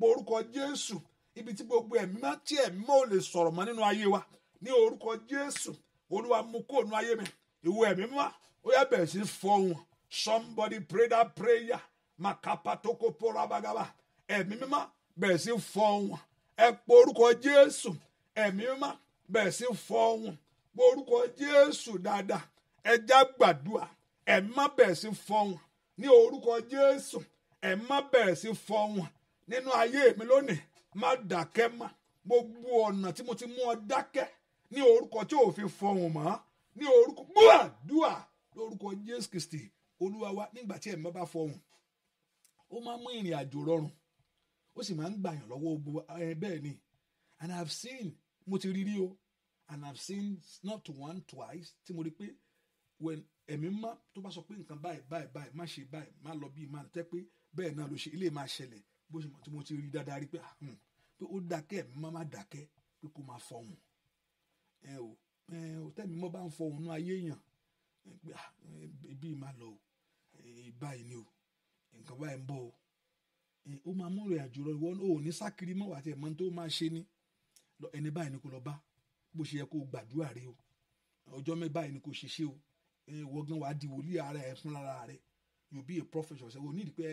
mọ́ po jésù ibi tí gbogbo ẹ̀mí má tí ẹ̀mí mọ́ ò lè sọ̀rọ̀ mọ́ nínú ayé wa ní orúkọ jésù olúwa mú kó nu ayé mi ìwọ ẹ̀mí mọ́ Oya yá bẹ̀rẹ̀ sí fọhùn somebody pray that prayer makapatoko porabagaba ẹ̀mí mímá bẹ̀rẹ̀ sí fọhùn ẹ pọ orúkọ jésù ẹ̀mí mímá bẹ̀rẹ̀ sí fọhùn pọ orúkọ jésù dáadáa ẹja gbàdúrà ẹ̀mí má bẹ̀rẹ̀ sí fọhùn ní orúkọ jésù ẹ̀mí má bẹ̀rẹ̀ sí fọhùn nínú ayé mi lónìí má dákẹ́ má gbogbo ọ̀nà tí mo ti mú ọ dákẹ́ ní orúkọ tí ò fi fọhùn mọ́ ní orúkọ gbúà dúà lórúkọ jésù kristi olúwa wa nígbà tí ẹ̀mí bá fọhùn ó máa mú ìrìn àjò rọrùn ó sì máa ń gbàyàn lọ́wọ́ gbogbo ẹ bẹ́ẹ̀ ni and i have seen mo ti rí rí o and i have seen not one twice tí mo rí pé when ẹ̀mí má tó bá sọ pé nǹkan báyìí báyìí báyìí má ṣe báyìí má lọ bíi má tẹ́ pé bẹ́ẹ̀ náà ló ṣe ilé máa ṣẹlẹ̀ bó ṣe mọ̀ tí mo ti rí dáadáa rí pé ah, hmm, pé ó dákẹ́ ẹ̀mí má má dákẹ́ pé kó máa fọhùn ẹ o ẹ o tẹ́mi mọ́ bá ń fọhùn nú ayé èèyàn gbà ah, ibi ìmà lọ o báyìí ni o nǹkan báyìí ń bọ̀ o ó máa mú rẹ̀ àjò ìwọ ò ní sákiri mọ́ àti ẹ̀mọ́ tó máa ṣe ni ẹni báyìí ni kò lọ bá bó ṣe yẹ kó gbàdúrà rẹ o ọjọ́ mẹ́ báyìí ni kò ṣe ṣe o ìwọ gan wàá di wòlíì ara ẹ̀ fúnra rẹ you be a prophet yourself o ní ìdí pé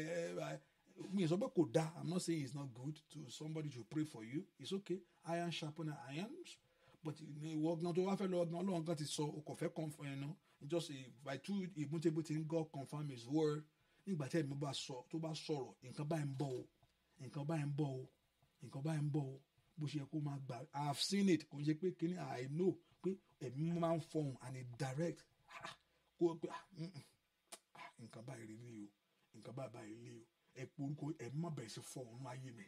mi sọ pé kò dáa i'm not saying it's not good to somebody to pray for you it's okay iron sharpen iron but ìwọ gan tó wá fẹ́ lọ gan ọlọ́run kan ti sọ o kò fẹ́ confirm you know just by two ìmútébù tí God confirm his word nígbà tí ẹ̀mí bá sọ tó bá sọ̀rọ̀ nǹkan báyìí ń bọ̀ o nǹkan báyìí ń bọ̀ o nǹkan báyìí ń bọ̀ o bó ṣe yẹ kó máa gbà I have seen it kò ṣe pé kíní I know pé ẹ̀mí máa ń fọhùn and it direct ah, ah, kó pé ah, nǹkan báyìí rí ni o nǹkan báyìí báyìí rí o ẹ̀ porúkọ ẹ̀mí má bẹ̀rẹ̀ sí fọhùn ayé mi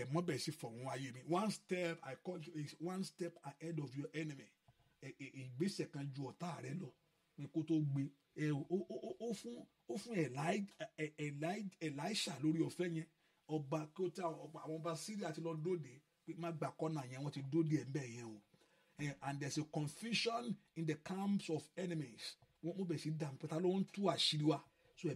ẹ̀mí má bẹ̀rẹ̀ sí fọhùn ayé mi one step I call you is one step ahead of your enemy ìgbésẹ̀ kan ju ọ̀tá rẹ lọ kó tó gbé ó fún ó fún Elisha lórí ọ̀fẹ́ yẹn ọba kó tá àwọn ọba Syria ti lọ dóde pé má gbà kọ́nà yẹn wọ́n ti dóde ẹ̀ ń yẹn o and there is a confusion in the camps of enemies wọ́n mú bẹ̀ sí dàmú pátá ló ń tú àṣírí wa so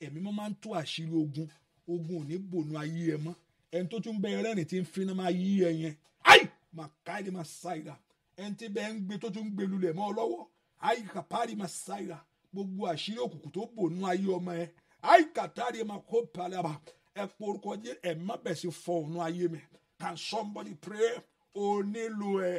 ẹ̀mí máa ń tú àṣírí ogun ogun ò ní bònú ayé ẹ mọ́ ẹni tó tún bẹ rẹ́rìn tí ń fi náà máa yí ẹ yẹn ai màkàdé máa ṣàìdá ẹntì bẹ́ẹ̀ ń gbé tó tún ń gbé lulẹ̀ mọ́ ọ lọ́wọ́ àyíká pari ma ṣáyà gbogbo àṣírí òkùnkùn tó bò nú ayé ọmọ ẹ àyíká tari ma kó palaba ẹ porúkọ jẹ ẹ má bẹ̀ sí fọ ònú ayé mi can somebody pray o nílò ẹ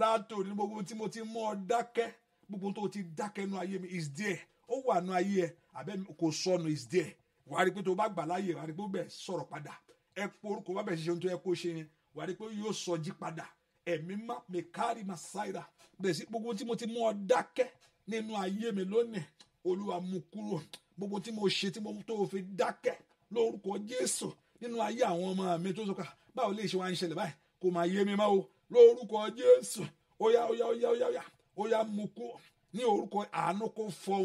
látò ní gbogbo tí mo ti mọ ọ dákẹ́ gbogbo tó ti dákẹ́ nú ayé mi is there ó wà nú ayé ẹ àbẹ kò sọnù is there wàá rí pé tó bá gbà láàyè wàá rí pé ó bẹ̀ sọ̀rọ̀ padà ẹ porúkọ bá bẹ̀ ṣe ohun tó yẹ kó ṣe yẹn wàá rí pé yóò sọ jí padà ẹ̀mí má mi kárí màsáìrà bẹ̀rẹ̀ sí gbogbo tí mo ti mú ọ dákẹ́ nínú ayé mi lónìí olúwa mú kúrò gbogbo tí mo ṣe tí mo tó fi dákẹ́ lórúkọ jésù nínú ayé àwọn ọmọ mi tó sọkà báwo lè ṣe wá ń ṣẹlẹ̀ báyìí kò máa yé mi mọ́ o lórúkọ jésù óyá óyá óyá óyá óyá óyá mú kúrò ní orúkọ àánú kò fọ́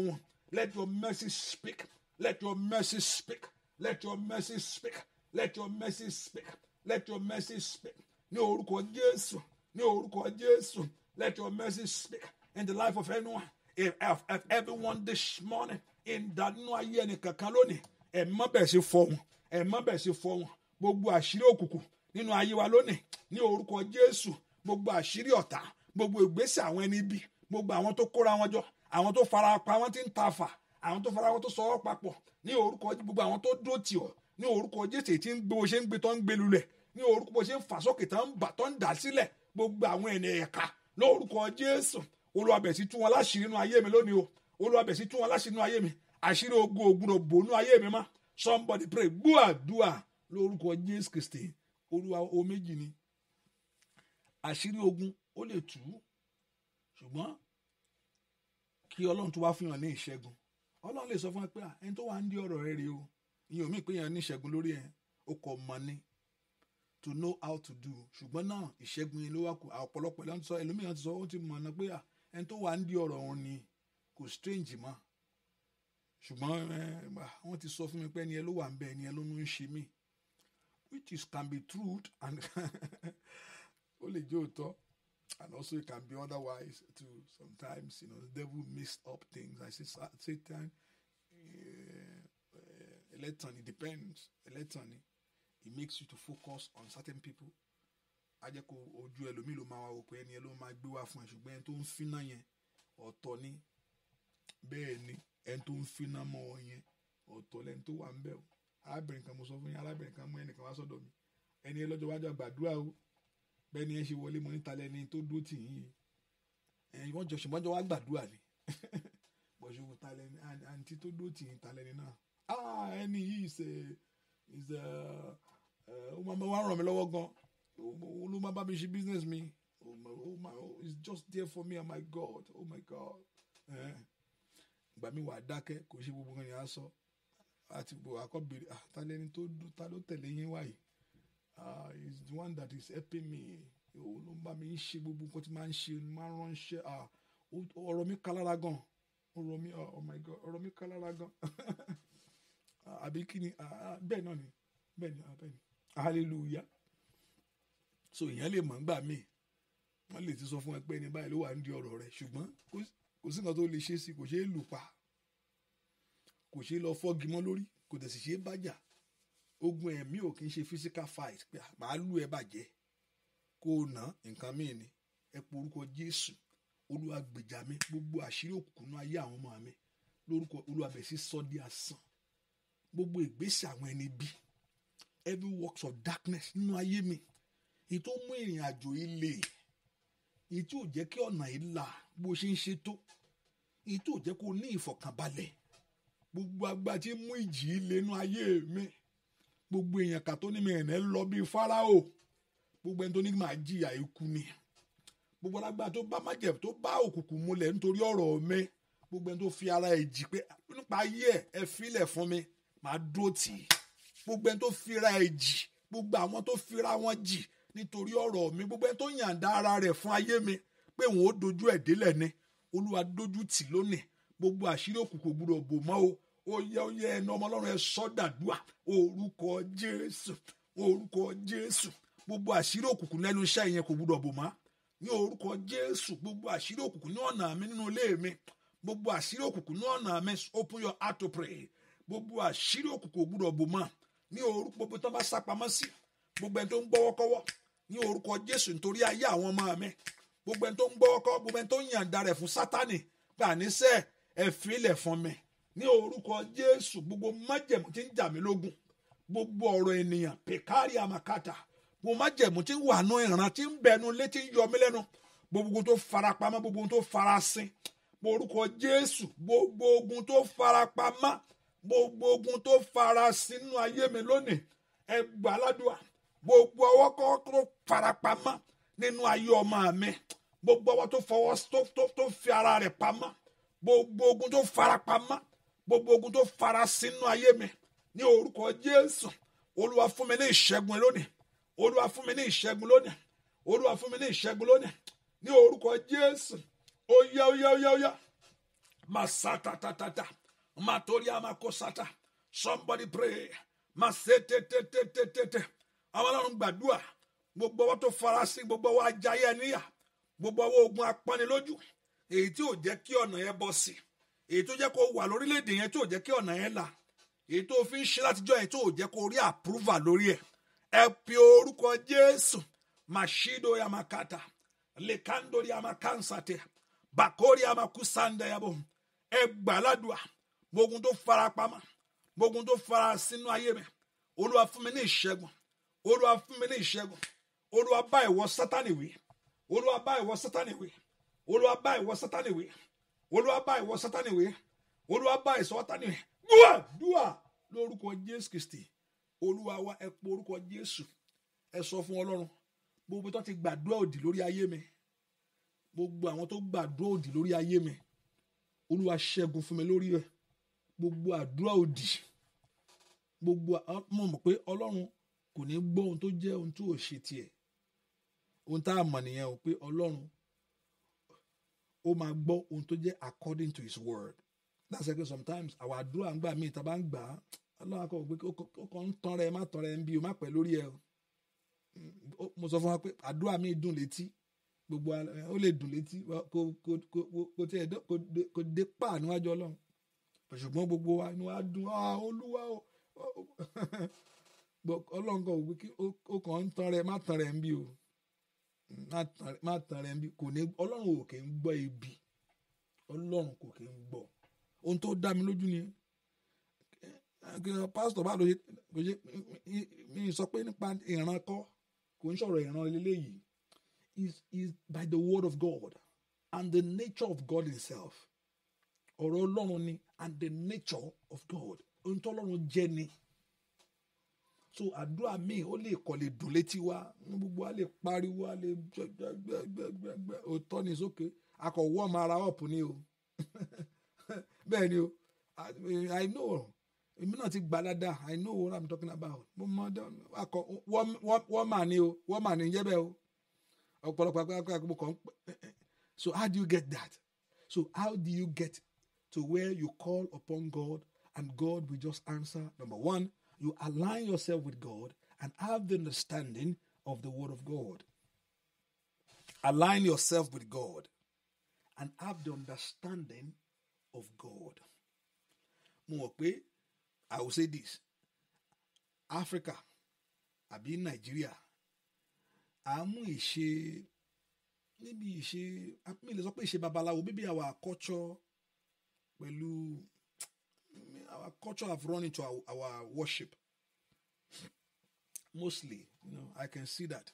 let your mercy speak let your mercy speak let your mercy speak let your mercy speak let your mercy speak ní orúkọ jésù ní orúkọ jésù let your mercy speak in the life of anyone if, if, everyone this morning ìdánú ayé ẹnìkankan lónìí ẹ má bẹ̀rẹ̀ sí fọ́ wọn ẹ má bẹ̀rẹ̀ sí fọ́ wọn gbogbo àṣírí òkùnkùn nínú ayé wa lónìí ní orúkọ jésù gbogbo àṣírí ọ̀tá gbogbo ìgbésẹ̀ àwọn ẹni ibi gbogbo àwọn tó kóra wọn jọ àwọn tó fara pa wọn tí ń ta fà àwọn tó fara wọn tó sọ ọ papọ̀ ní orúkọ gbogbo àwọn tó dó tì ọ ní orúkọ jésù tí ń gbé bó ṣe ń gbé tó ń gbé lulẹ̀ ní orúkọ bó ṣe ń fà sókè tó ń bà tó ń dà sílẹ̀ gbogbo àwọn ènìyàn ká lórúkọ jésù olúwa bẹ̀rẹ̀ sí tú wọn láṣìírí inú ayé mi lónìí o olúwa bẹ̀rẹ̀ wọn láṣìírí inú ayé mi àṣírí ogun ogun ò bò inú ayé mi mọ́ somebody pray gbọ́ àdúrà lórúkọ jésù kristi olúwa o méjì ni àṣírí ogun ó lè tú ṣùgbọ́n kí ọlọ́run tó wá fún yàn ní ìṣẹ́gun ọlọ́run lè sọ fún ẹ pé ẹni tó wà ń di ọ̀rọ̀ rẹ rèé o ìyẹn ò mí pé yàn ní ìṣẹ́gun lórí ẹ o kò mọ̀ ni to know how to do ṣùgbọ́n náà ìṣẹ́gun yẹn ló wà kù ọ̀pọ̀lọpọ̀ ló ń sọ ẹlòmíràn ti sọ ó ti mọ̀ ọ́nà pé ẹni tó wà ń di ọ̀rọ̀ òun ni kò strange mọ́ ṣùgbọ́n eh, wọ́n ti sọ fún mi pé ẹni ẹ ló wà ń bẹ ẹni ẹ ló ń ṣe mí which is can be truth and ó lè jẹ́ òótọ́ and also it can be otherwise too sometimes you know the devil mix up things I say Satan uh, uh, electron it depends electron it makes you to focus on certain people á jẹ́ kó ojú ẹlòmíì ló máa wá wò pé ẹni ẹ ló máa gbé wá fún ẹ ṣùgbọ́n ẹni tó ń fínà yẹn ọ̀tọ̀ ni bẹ́ẹ̀ ni ẹni tó ń fínà mọ́ ọ yẹn ọ̀tọ̀ lẹni tó wà ń bẹ̀ o arábìnrin kan mo sọ fún yín arábìnrin kan mú ẹnìkan wá sọ́dọ̀ mi ẹni ẹ lọ́jọ́ wájú àgbàdúrà o bẹ́ẹ̀ ni ẹ ṣe wọlé mo níta lẹ́ni tó dúró tì yín yìí ẹ̀yin wọ́n jọ ṣùgbọ́n jọ wá gbàdúrà ni bọ̀ṣùgbọ́n ah ẹni yìí is Uh, ó máa wá ràn mí lọ́wọ́ gan ló máa bá mi ṣe business mi oh my oh my oh it's just there for me and my God oh my God ìgbà mi wà dákẹ́ kò ṣe gbogbo kan ní a àti gbogbo àkọ́bìrì àtàlẹ́ni ah, tó ta ló tẹ̀lé yín wáyé ah the one that is helping me òun ló ń mi ń ṣe gbogbo nǹkan tí máa ń ṣe máa ń ránṣẹ́ ah, ọ̀rọ̀ mi kalára gan ọ̀rọ̀ mi ah, oh my God ọ̀rọ̀ mi kalára gan àbí kí ni bẹ́ẹ̀ náà ni bẹ́ẹ̀ ni bẹ́ẹ̀ ni hallelujah so èèyàn lè mọ̀ ńgbà míì wọ́n lè ti sọ fún ẹ pé ẹni báyìí ló wà ń di ọ̀rọ̀ rẹ̀ ṣùgbọ́n kò sí nǹkan tó lè ṣe sí kò ṣeé lù pa kò ṣeé lọ fọ́gi mọ́ lórí kò dẹ̀ sì ṣeé bájà ogun ẹ̀mí ò kì í ṣe physical fight pé màá lù ẹ bàjẹ́ kó o nà nǹkan míì ni ẹ pọ orúkọ Jésù Olúwa gbèjà mi gbogbo àṣírí òkùnkùn ayé àwọn ọmọ mi lórúkọ Olúwa bẹ̀ asán gbogbo ìgbésẹ̀ àwọn ẹni bíi every works of darkness nínú ayé mi èyí tó mú ìrìn àjò yìí le èyí tí ò jẹ́ kí ọ̀nà yìí là bó ṣe ń ṣe tó èyí tí ò jẹ́ kó ní ìfọ̀kànbalẹ̀ gbogbo agbá tí mú ìjì yìí nínú ayé mi gbogbo èèyàn kà tó ní mi ẹ̀nẹ́ lọ bíi fáráò gbogbo ẹni tó ní máa jìyà ikú ni gbogbo alágbá tó bá májẹ̀ tó bá òkùnkùn múlẹ̀ nítorí ọ̀rọ̀ mi gbogbo ẹni tó fi ara ẹ̀ jì pé nípa ayé ẹ̀ ẹ filẹ̀ fún mi màá dúró tì í gbogbo ẹni tó fira ẹ̀ jì gbogbo àwọn tó fira wọn jì nítorí ọ̀rọ̀ mi gbogbo ẹni tó yàǹda ara rẹ̀ fún ayé mi pé wọn ó dojú ẹ̀ délẹ̀ ni olúwa dojú tì lónìí gbogbo àṣírí òkùnkùn gbúdọ̀ bò mọ́ o ó yẹ ó yẹ ẹnu ọmọ ọlọ́run ẹ sọ́ orúkọ jésù orúkọ jésù gbogbo àṣírí òkùnkùn lẹ́nu iṣẹ́ yẹn kò gbúdọ̀ bò mọ́ ní orúkọ jésù gbogbo àṣírí òkùnkùn ní ọ̀nà mi nínú ilé mi gbogbo àṣírí òkùnkùn ní ọ̀nà mi open your heart to pray gbogbo àṣírí òkùnkùn kò gbúdọ̀ bò mọ́ ní orúkọ gbogbo tó bá sápamọ́ sí gbogbo ẹni tó ń gbọ́wọ́ kọ́wọ́ ní orúkọ jésù nítorí ayé àwọn ọmọ mi gbogbo ẹni tó ń gbọ́wọ́ kọ́ gbogbo ẹni tó ń yàǹda rẹ̀ fún sátánì gbà níṣẹ́ ẹ filẹ̀ fún mi ní orúkọ jésù gbogbo májẹ̀mú tí ń jà mí lógun gbogbo ọ̀rọ̀ ènìyàn pèkárí àmàkàtà gbogbo májẹ̀mú tí ń wà nù ìran tí ń bẹnu létí ń yọ mí lẹ́nu gbogbo tó farapamọ́ gbogbo tó farasin orúkọ jésù gbogbo ogun tó farapamọ́ gbogbo ogun tó fara sínú ayé mi lónìí ẹ gbà aládùá gbogbo ọwọ́ kọ́kọ́ farapamọ́ nínú ayé ọmọ mi gbogbo ọwọ́ tó fọwọ́ tó fi ara rẹ̀ pamọ́ gbogbo ogun tó farapamọ́ gbogbo ogun tó fara sínú ayé mi ní orúkọ Jésù olúwa fún mi ní ìṣẹ́gun lónìí olúwa fún mi ní ìṣẹ́gun lónìí olúwa fún mi ní ìṣẹ́gun lónìí ní orúkọ Jésù ó yá ó yá ó yá ó yá màsá tàtàtàtà. Ta, ta, ta, ta. Matoria makosata. Somebody pray. Masete te te te te te. Awala ngbadua. Gbogbo wa to farasi gbogbo wa ajaye niya. Gbogbo wa ogun apani loju. Eyi ti o je ki ona ye bo si. Eyi to je ko wa lorilede yen ti o je ki ona ye la. Eyi to fi nse latijo yen ti o je ko ri approval lori e. E pe oruko Jesu. Mashido ya makata. Lekando ya makansa te. Bakori ya makusanda ya bo. E gbaladua. gbogbo tó fara pamọ́ gbogbo tó fara sínú ayé mi olúwa fún mi ní ìṣẹ́gun olúwa fún mi ní ìṣẹ́gun olúwa bá ìwọ sátánì wí olúwa bá ìwọ sátánì wí olúwa bá ìwọ sátánì wí olúwa bá ìwọ sátánì wí olúwa bá ìsọ sátánì wí dùà dùà lórúkọ jésù kristi olúwa wa ẹ pọ orúkọ jésù ẹ sọ fún ọlọ́run gbogbo tó ti gbàdúrà òdì lórí ayé mi gbogbo àwọn tó gbàdúrà òdì lórí ayé mi olúwa ṣẹ́gun fún mi lórí ẹ̀ gbogbo àdúrà òdì gbogbo mo mọ̀ pé ọlọ́run kò ní gbọ́ ohun tó jẹ́ ohun tí ò ṣe tiẹ̀ ohun tá a mọ̀ nìyẹn o pé ọlọ́run ó máa gbọ́ ohun tó jẹ́ according to his word that's why sometimes àwọn àdúrà ń gbà mí ìta bá ń gbà á ọlọ́run akọ̀ pé ó kàn ń tán rẹ má tán rẹ ń bí o má pẹ́ lórí ẹ o mo sọ fún wa pé àdúrà mi dùn létí gbogbo ó lè dùn létí kò dé pàà níwájú ọlọ́run ṣùgbọ́n gbogbo wa inú wa dùn á ah, olúwa o ọlọ́run ò wí kí ó kàn ń tan rẹ má tan rẹ ń bí o má tan rẹ ń bí kò ní ọlọ́run ò kì í gbọ́ ibi ọlọ́run kò kì í gbọ́ ohun tó dá mi lójú ni pásítọ̀ bá lóye mi sọ pé nípa ìran kò ń sọ̀rọ̀ ìran eléyìí is is by the word of God and the nature of God himself ọ̀rọ̀ ọlọ́run ni and the nature of God ohun tó ọlọ́run jẹ́ ni so àdúrà míì ó lè kọ̀ lè dùn létí wa gbogbo wa lè pariwo a lè gbẹgbẹgbẹgbẹ òótọ́ ni sókè akọ̀ wọ́ọ̀mù ara ọ̀pù ni o bẹ́ẹ̀ ni o I know èmi náà ti gbà dáadáa I know what I'm talking about mo mọ akọ wọ́ọ̀mà ni o wọ́ọ̀mà ni ń o ọ̀pọ̀lọpọ̀ akọ̀ akọ̀ akọ̀ so how do you get that so how do you get to where you call upon God and God will just answer. Number one, you align yourself with God and have the understanding of the Word of God. Align yourself with God and have the understanding of God. I will say this Africa, I àbí Nàìjíríà, à ń mú ìṣe níbi ìṣe, mi lè sọ pé ìṣe babaláwo, maybe our culture pẹ̀lú our culture have run into our, our worship mostly you know i can see that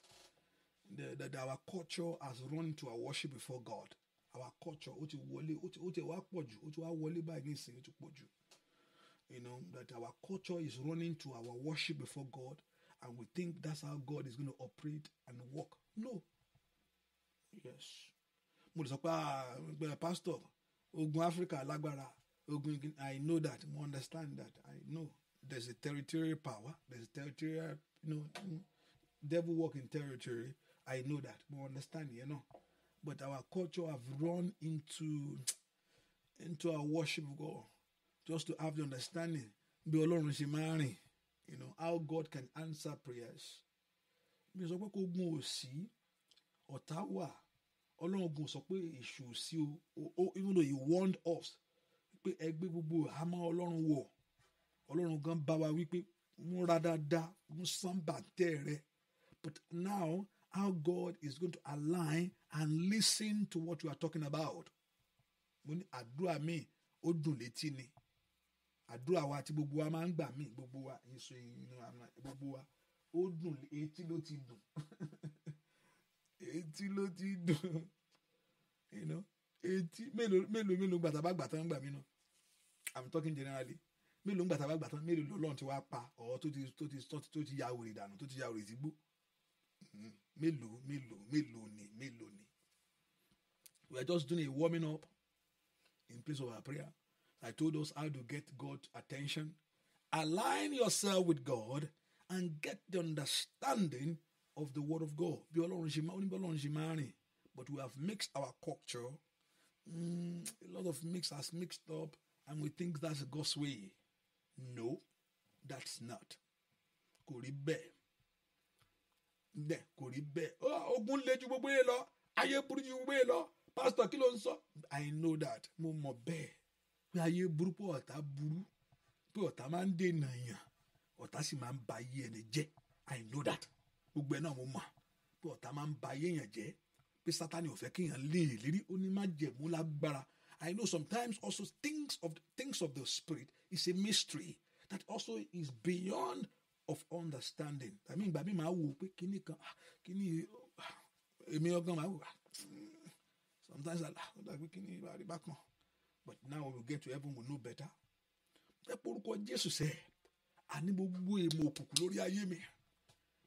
the, the, the, our culture has run into our worship before god our culture ó ti wọlé ó ti wá pọ̀ jù ó ti wá wọlé báyìí nísìnyí ó ti pọ̀ jù you know that our culture is running to our worship before god and we think that's how god is going to operate and work no yes mo lè sọ pé ah pastor ogun Africa lagbara, ogun I know that mo understand that I know there is a territorial power there is a territorial you know, devil work in territory I know that mo understand you know? but our culture have run into into our worship God just to have the understanding bí Ọlọ́run ṣe máa rìn you know how God can answer prayers mi sọ pé kò gun òsì ọ̀tá wà ọlọ́run gan sọ pé èṣù sí o even though he warned us pé ẹ gbé gbogbo àmọ́ ọlọ́run wọ̀ ọlọ́run gan bá wa wípé múra dáadáa mú sánbàtẹ́ rẹ but now how God is going to align and listen to what you are talking about mo ní àdúrà mi ó dùn létí ni àdúrà wa tí gbogbo wa máa ń gbà mí gbogbo wa èso gbogbo wa ó dùn etí ló ti dùn etí ló ti dùn you know etí mélòó mélòó mélòó gbàtà bá gbàtà ń gbà mí nà i'm talking generally mélòó gbàtà bá gbàtà mélòó lọ́lọ́run ti wá pa ọ̀ tó ti tó ti tó ti ya wèrè dànù tó ti ya wèrè sígbó hmm, mélòó mélòó mélòó ni mélòó ni we are just doing a warming up in place of our prayer i told us how to get god attention align yourself with god and get the understanding of the word of God bí ọlọ́run ṣe máa ó bí ọlọ́run ṣe máa rìn but we have mixed our culture mm, a lot of mix has mixed up and we think that's God's way no that's not kò rí bẹ́ẹ̀ bẹ́ẹ̀ kò rí bẹ́ẹ̀ ogun le ju gbogbo yẹn lọ ayé burú gbogbo yẹn lọ pásítọ̀ kí ló ń sọ I know that mo mọ̀ bẹ́ẹ̀ pé ayé burú ọ̀tá burú pé ọ̀tá máa ń dènà yàn ọ̀tá sì máa ń ba ayé ẹni jẹ́ I know that gbogbo ẹ̀ náà mo mọ̀ pé ọ̀tá máa ń ba yéèyàn jẹ́ pé sátani ò kéèyàn lé ìlérí ó ní má jẹ̀mú lágbára I know sometimes also things of things of the spirit is a mystery that also is beyond of understanding I mean, mi máa wò pé kíní kan ah, kíní ah, èmi ọgán máa wò ah, hmm, sometimes àlà ó dàbí kíní ìbárí bákan but now we get to heaven we know better ẹ porúkọ Jésù sẹ àní gbogbo èèmọ òkùnkùn lórí ayé mi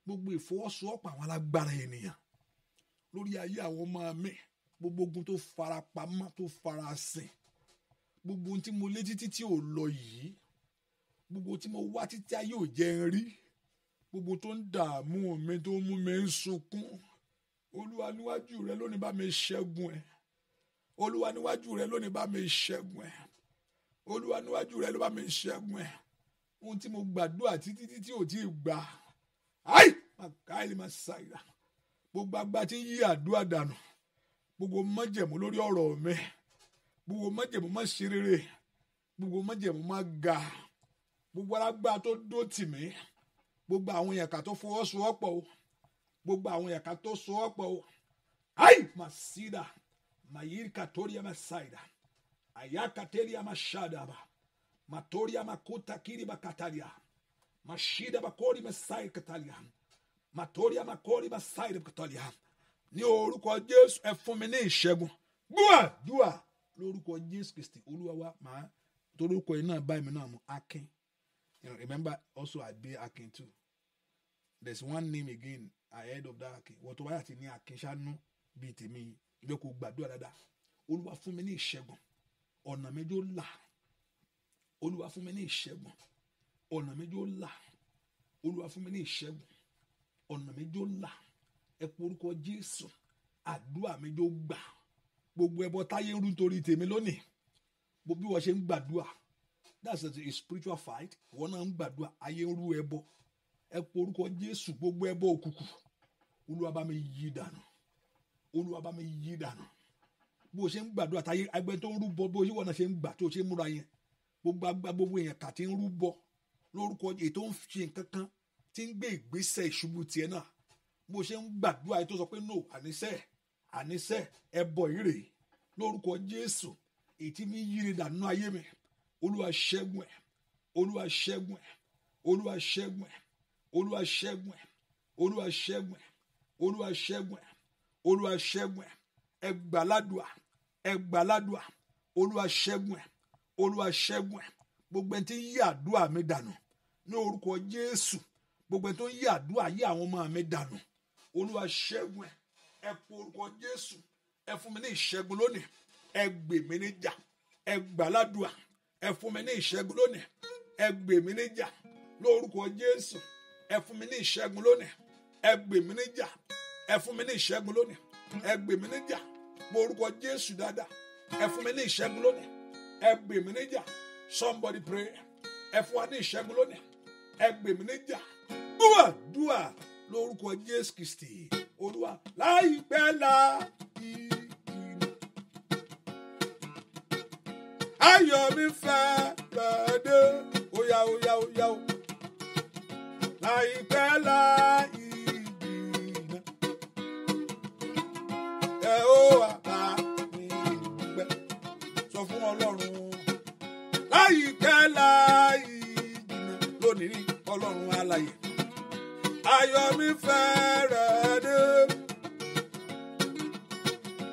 gbogbo ìfọwọ́sowọ́pọ̀ àwọn alágbára ènìyàn lórí ayé àwọn ọmọ mi gbogbo ogun tó fara pamọ́ tó fara sìn gbogbo ohun tí mo lé títí tí ò lọ yìí gbogbo tí mo wá títí ayé ò jẹ́ ń rí gbogbo tó ń dààmú mi tó ń mú mi ń sunkún olúwa níwájú rẹ lónìí bá mi ṣẹ́gun ẹ̀ olúwa níwájú rẹ lónìí bá mi ṣẹ́gun ẹ̀ olúwa níwájú rẹ ló bá mi ṣẹ́gun ẹ̀ ohun tí mo gbàdúrà títí tí ò tí ì gbà ayi makaeli masaira gbogbo agbá tí ń yí àdúrà dànù gbogbo májẹ̀mú lórí ọ̀rọ̀ mi gbogbo májẹ̀mú má ṣe rere gbogbo májẹ̀mú má ga gbogbo alágbá tó dó tì mí gbogbo àwọn yàkà tó fọwọ́sowọ́pọ̀ o gbogbo àwọn yàkà tó sowọ́pọ̀ o ayi masida mayirika torí ẹ masaida ayaka tẹ́lẹ̀ ẹ masadaba matoria makuta kiri bakataria mashida makori masai katalia matori makori masai katalia Ni orúkọ jésù ẹ fún mi ní ìṣẹ́gun dúà dúà lórúkọ jésù kristi olúwa wa màá torúkọ iná báyìí mi náà mú akin you know, remember also i be akin too there's one name again ahead of that akin wọ́n tó ti ní akin ṣáánú bíi tèmi ìgbẹ́ kò gbàdúrà dáadáa olúwa fún mi ní ìṣẹ́gun ọ̀nà mi jò là olúwa mi ní ìṣẹ́gun ọ̀nà méjì ó là olúwa fún mi ní ìṣẹ́gun ọ̀nà méjì ó là ẹ pé orúkọ jésù àdúrà méjì ó gbà gbogbo ẹbọ táyé ń rú nítorí tèmi lónìí bó bí wọ́n ṣe ń gbàdúrà that's a spiritual fight wọ́n náà ń gbàdúrà ayé ń rú ẹbọ ẹ pé orúkọ jésù gbogbo ẹbọ òkùnkùn olúwa bá mi yí dànù olúwa bá mi yí dànù bó ṣe ń gbàdúrà táyé ẹgbẹ́ tó ń rúbọ bó ṣe wọ́n náà ṣe ń gbà tó ṣe ń múra yẹn gbogbo agbá gbogbo èèyàn kà ti ń rúbọ lórúkọ èyí tó ń fi nǹkan kan tí ń gbé ìgbésẹ̀ ìṣubú tiẹ̀ náà bó ṣe ń gbàdúrà yìí tó sọ pé no àníṣe àníṣe ẹbọ ìrè lórúkọ Jésù èyí tí mi yíre dànù ayé mi Olúwa ṣẹ́gun ẹ̀ Olúwa ṣẹ́gun ẹ̀ Olúwa ṣẹ́gun ẹ̀ Olúwa ṣẹ́gun ẹ̀ Olúwa ṣẹ́gun ẹ̀ Olúwa ṣẹ́gun ẹ̀ Olúwa ṣẹ́gun ẹ̀ ẹgbàládùà ẹgbàládùà Olúwa ṣẹ́gun ẹ̀ Olúwa ṣẹ́gun ẹ̀ gbogbo ẹni tí ń yí àdúrà mi dànù ní orúkọ jésù gbogbo ẹni tó ń yí àdúrà yí àwọn ọmọ mi dànù olúwa ṣẹ́gun ẹ ẹ fún orúkọ jésù ẹ fún mi ní ìṣẹ́gun lónìí ẹ gbè mí níjà ẹ gbàládùà ẹ fún mi ní ìṣẹ́gun lónìí ẹ gbè mí níjà lórúkọ jésù ẹ fún mi ní ìṣẹ́gun lónìí ẹ gbè mí níjà ẹ fún mi ní ìṣẹ́gun lónìí ẹ gbè mí níjà mo orúkọ jésù dáadáa ẹ fún mi ní ìṣẹ́gun lónìí ẹ gbè mí níjà somebody pray ẹ fún wa ní ìṣẹ́gun lónìí ẹ gbè mí níjà dùà dùà lórúkọ jésù kristi olúwa láìpẹ́ la ìlú ayọ̀ mi fẹ́ lọ́dẹ óyá óyá óyá láìpẹ́ la ìlú. tọlọ́run alàyè ayọ̀ mi fẹ́rẹ̀ dé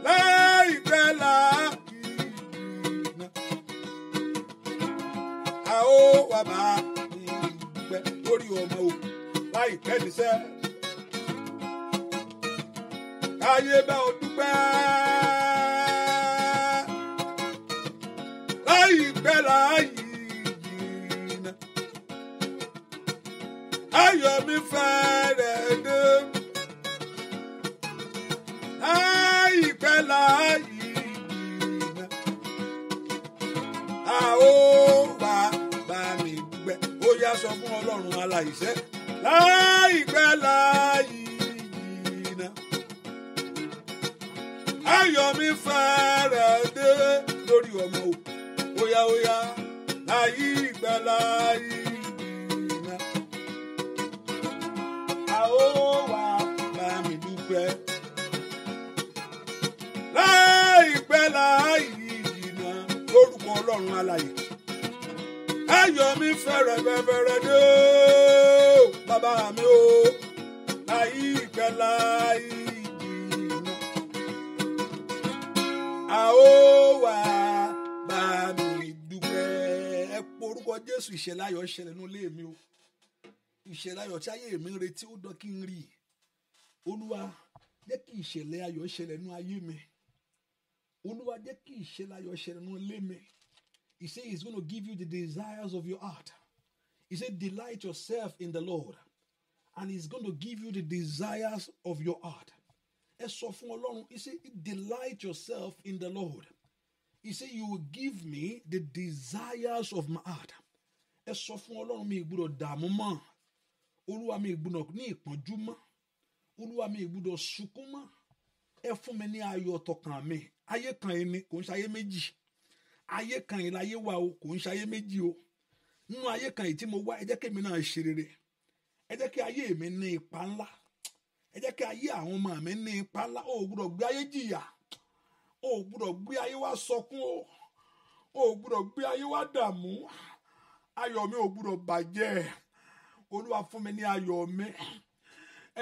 láìpẹ́ láàyè a ó wà máa gbẹ lórí ọmọ o láìpẹ́ níṣẹ́ ayé bá o dúpẹ́ láìpẹ́ láàyè. mi fẹ́ rẹ̀ dé. Láìpẹ́ láàyè ìgbìmọ̀, a ó wá bá mi gbẹ. Ó yá sọ fún Ọlọ́run aláìṣẹ́. Láìpẹ́ láàyè ìgbìmọ̀, ayọ̀ mi fẹ́ rẹ̀ dé lórí ọmọ o. Ó ó yá, láyé ìgbà láyé. láìpẹ́ láìpẹ́ láì jìnnà lórúkọ ọlọ́run alààyè ayọ̀ mi fẹ́rẹ̀ fẹ́fẹ́rẹ́ dé o bàbá mi o láìpẹ́ láì jìnnà a ó wà bá mi dúpẹ́ ẹ porúkọ Jésù ìṣẹ̀lẹ̀ ayọ̀ ṣẹlẹ̀ nínú mi o ìṣẹ̀lẹ̀ tí ayé mi ń retí ó dán kí n rí i. olúwa jẹ́ kí ìṣẹ̀lẹ̀ ayọ̀ ṣẹlẹ̀ nú ayé mi olúwa jẹ́ kí ìṣẹ̀lẹ̀ ayọ̀ ṣẹlẹ̀ nú ilé mi he say he's gonna give you the desires of your heart he say delight yourself in the lord and he's gonna give you the desires of your heart ẹ sọ fún ọlọ́run he say delight yourself in the lord he say you will give me the desires of my heart ẹ sọ fún ọlọ́run mi ìgbúdọ̀ dààmú mọ́ olúwa mi ìgbúdọ̀ ní ìpọ́njú mọ́. olúwa mi ìgbúdọ̀ sunkún mọ́ ẹ fún mi ní ayọ̀ mi ayé kan yìí ni kò ń méjì ayé kan yìí láyé wa o kò ń mo wá ẹ jẹ́ kí èmi náà ṣe rere ẹ jẹ́ kí ayé mi ní ipa ńlá ẹ jẹ́ kí ayé àwọn ọmọ mi ní ipa ńlá o gbúdọ̀ gbé ayé jìyà o gbé ayé sọkún o o gbé ayé wa dààmú ayọ̀ mi ò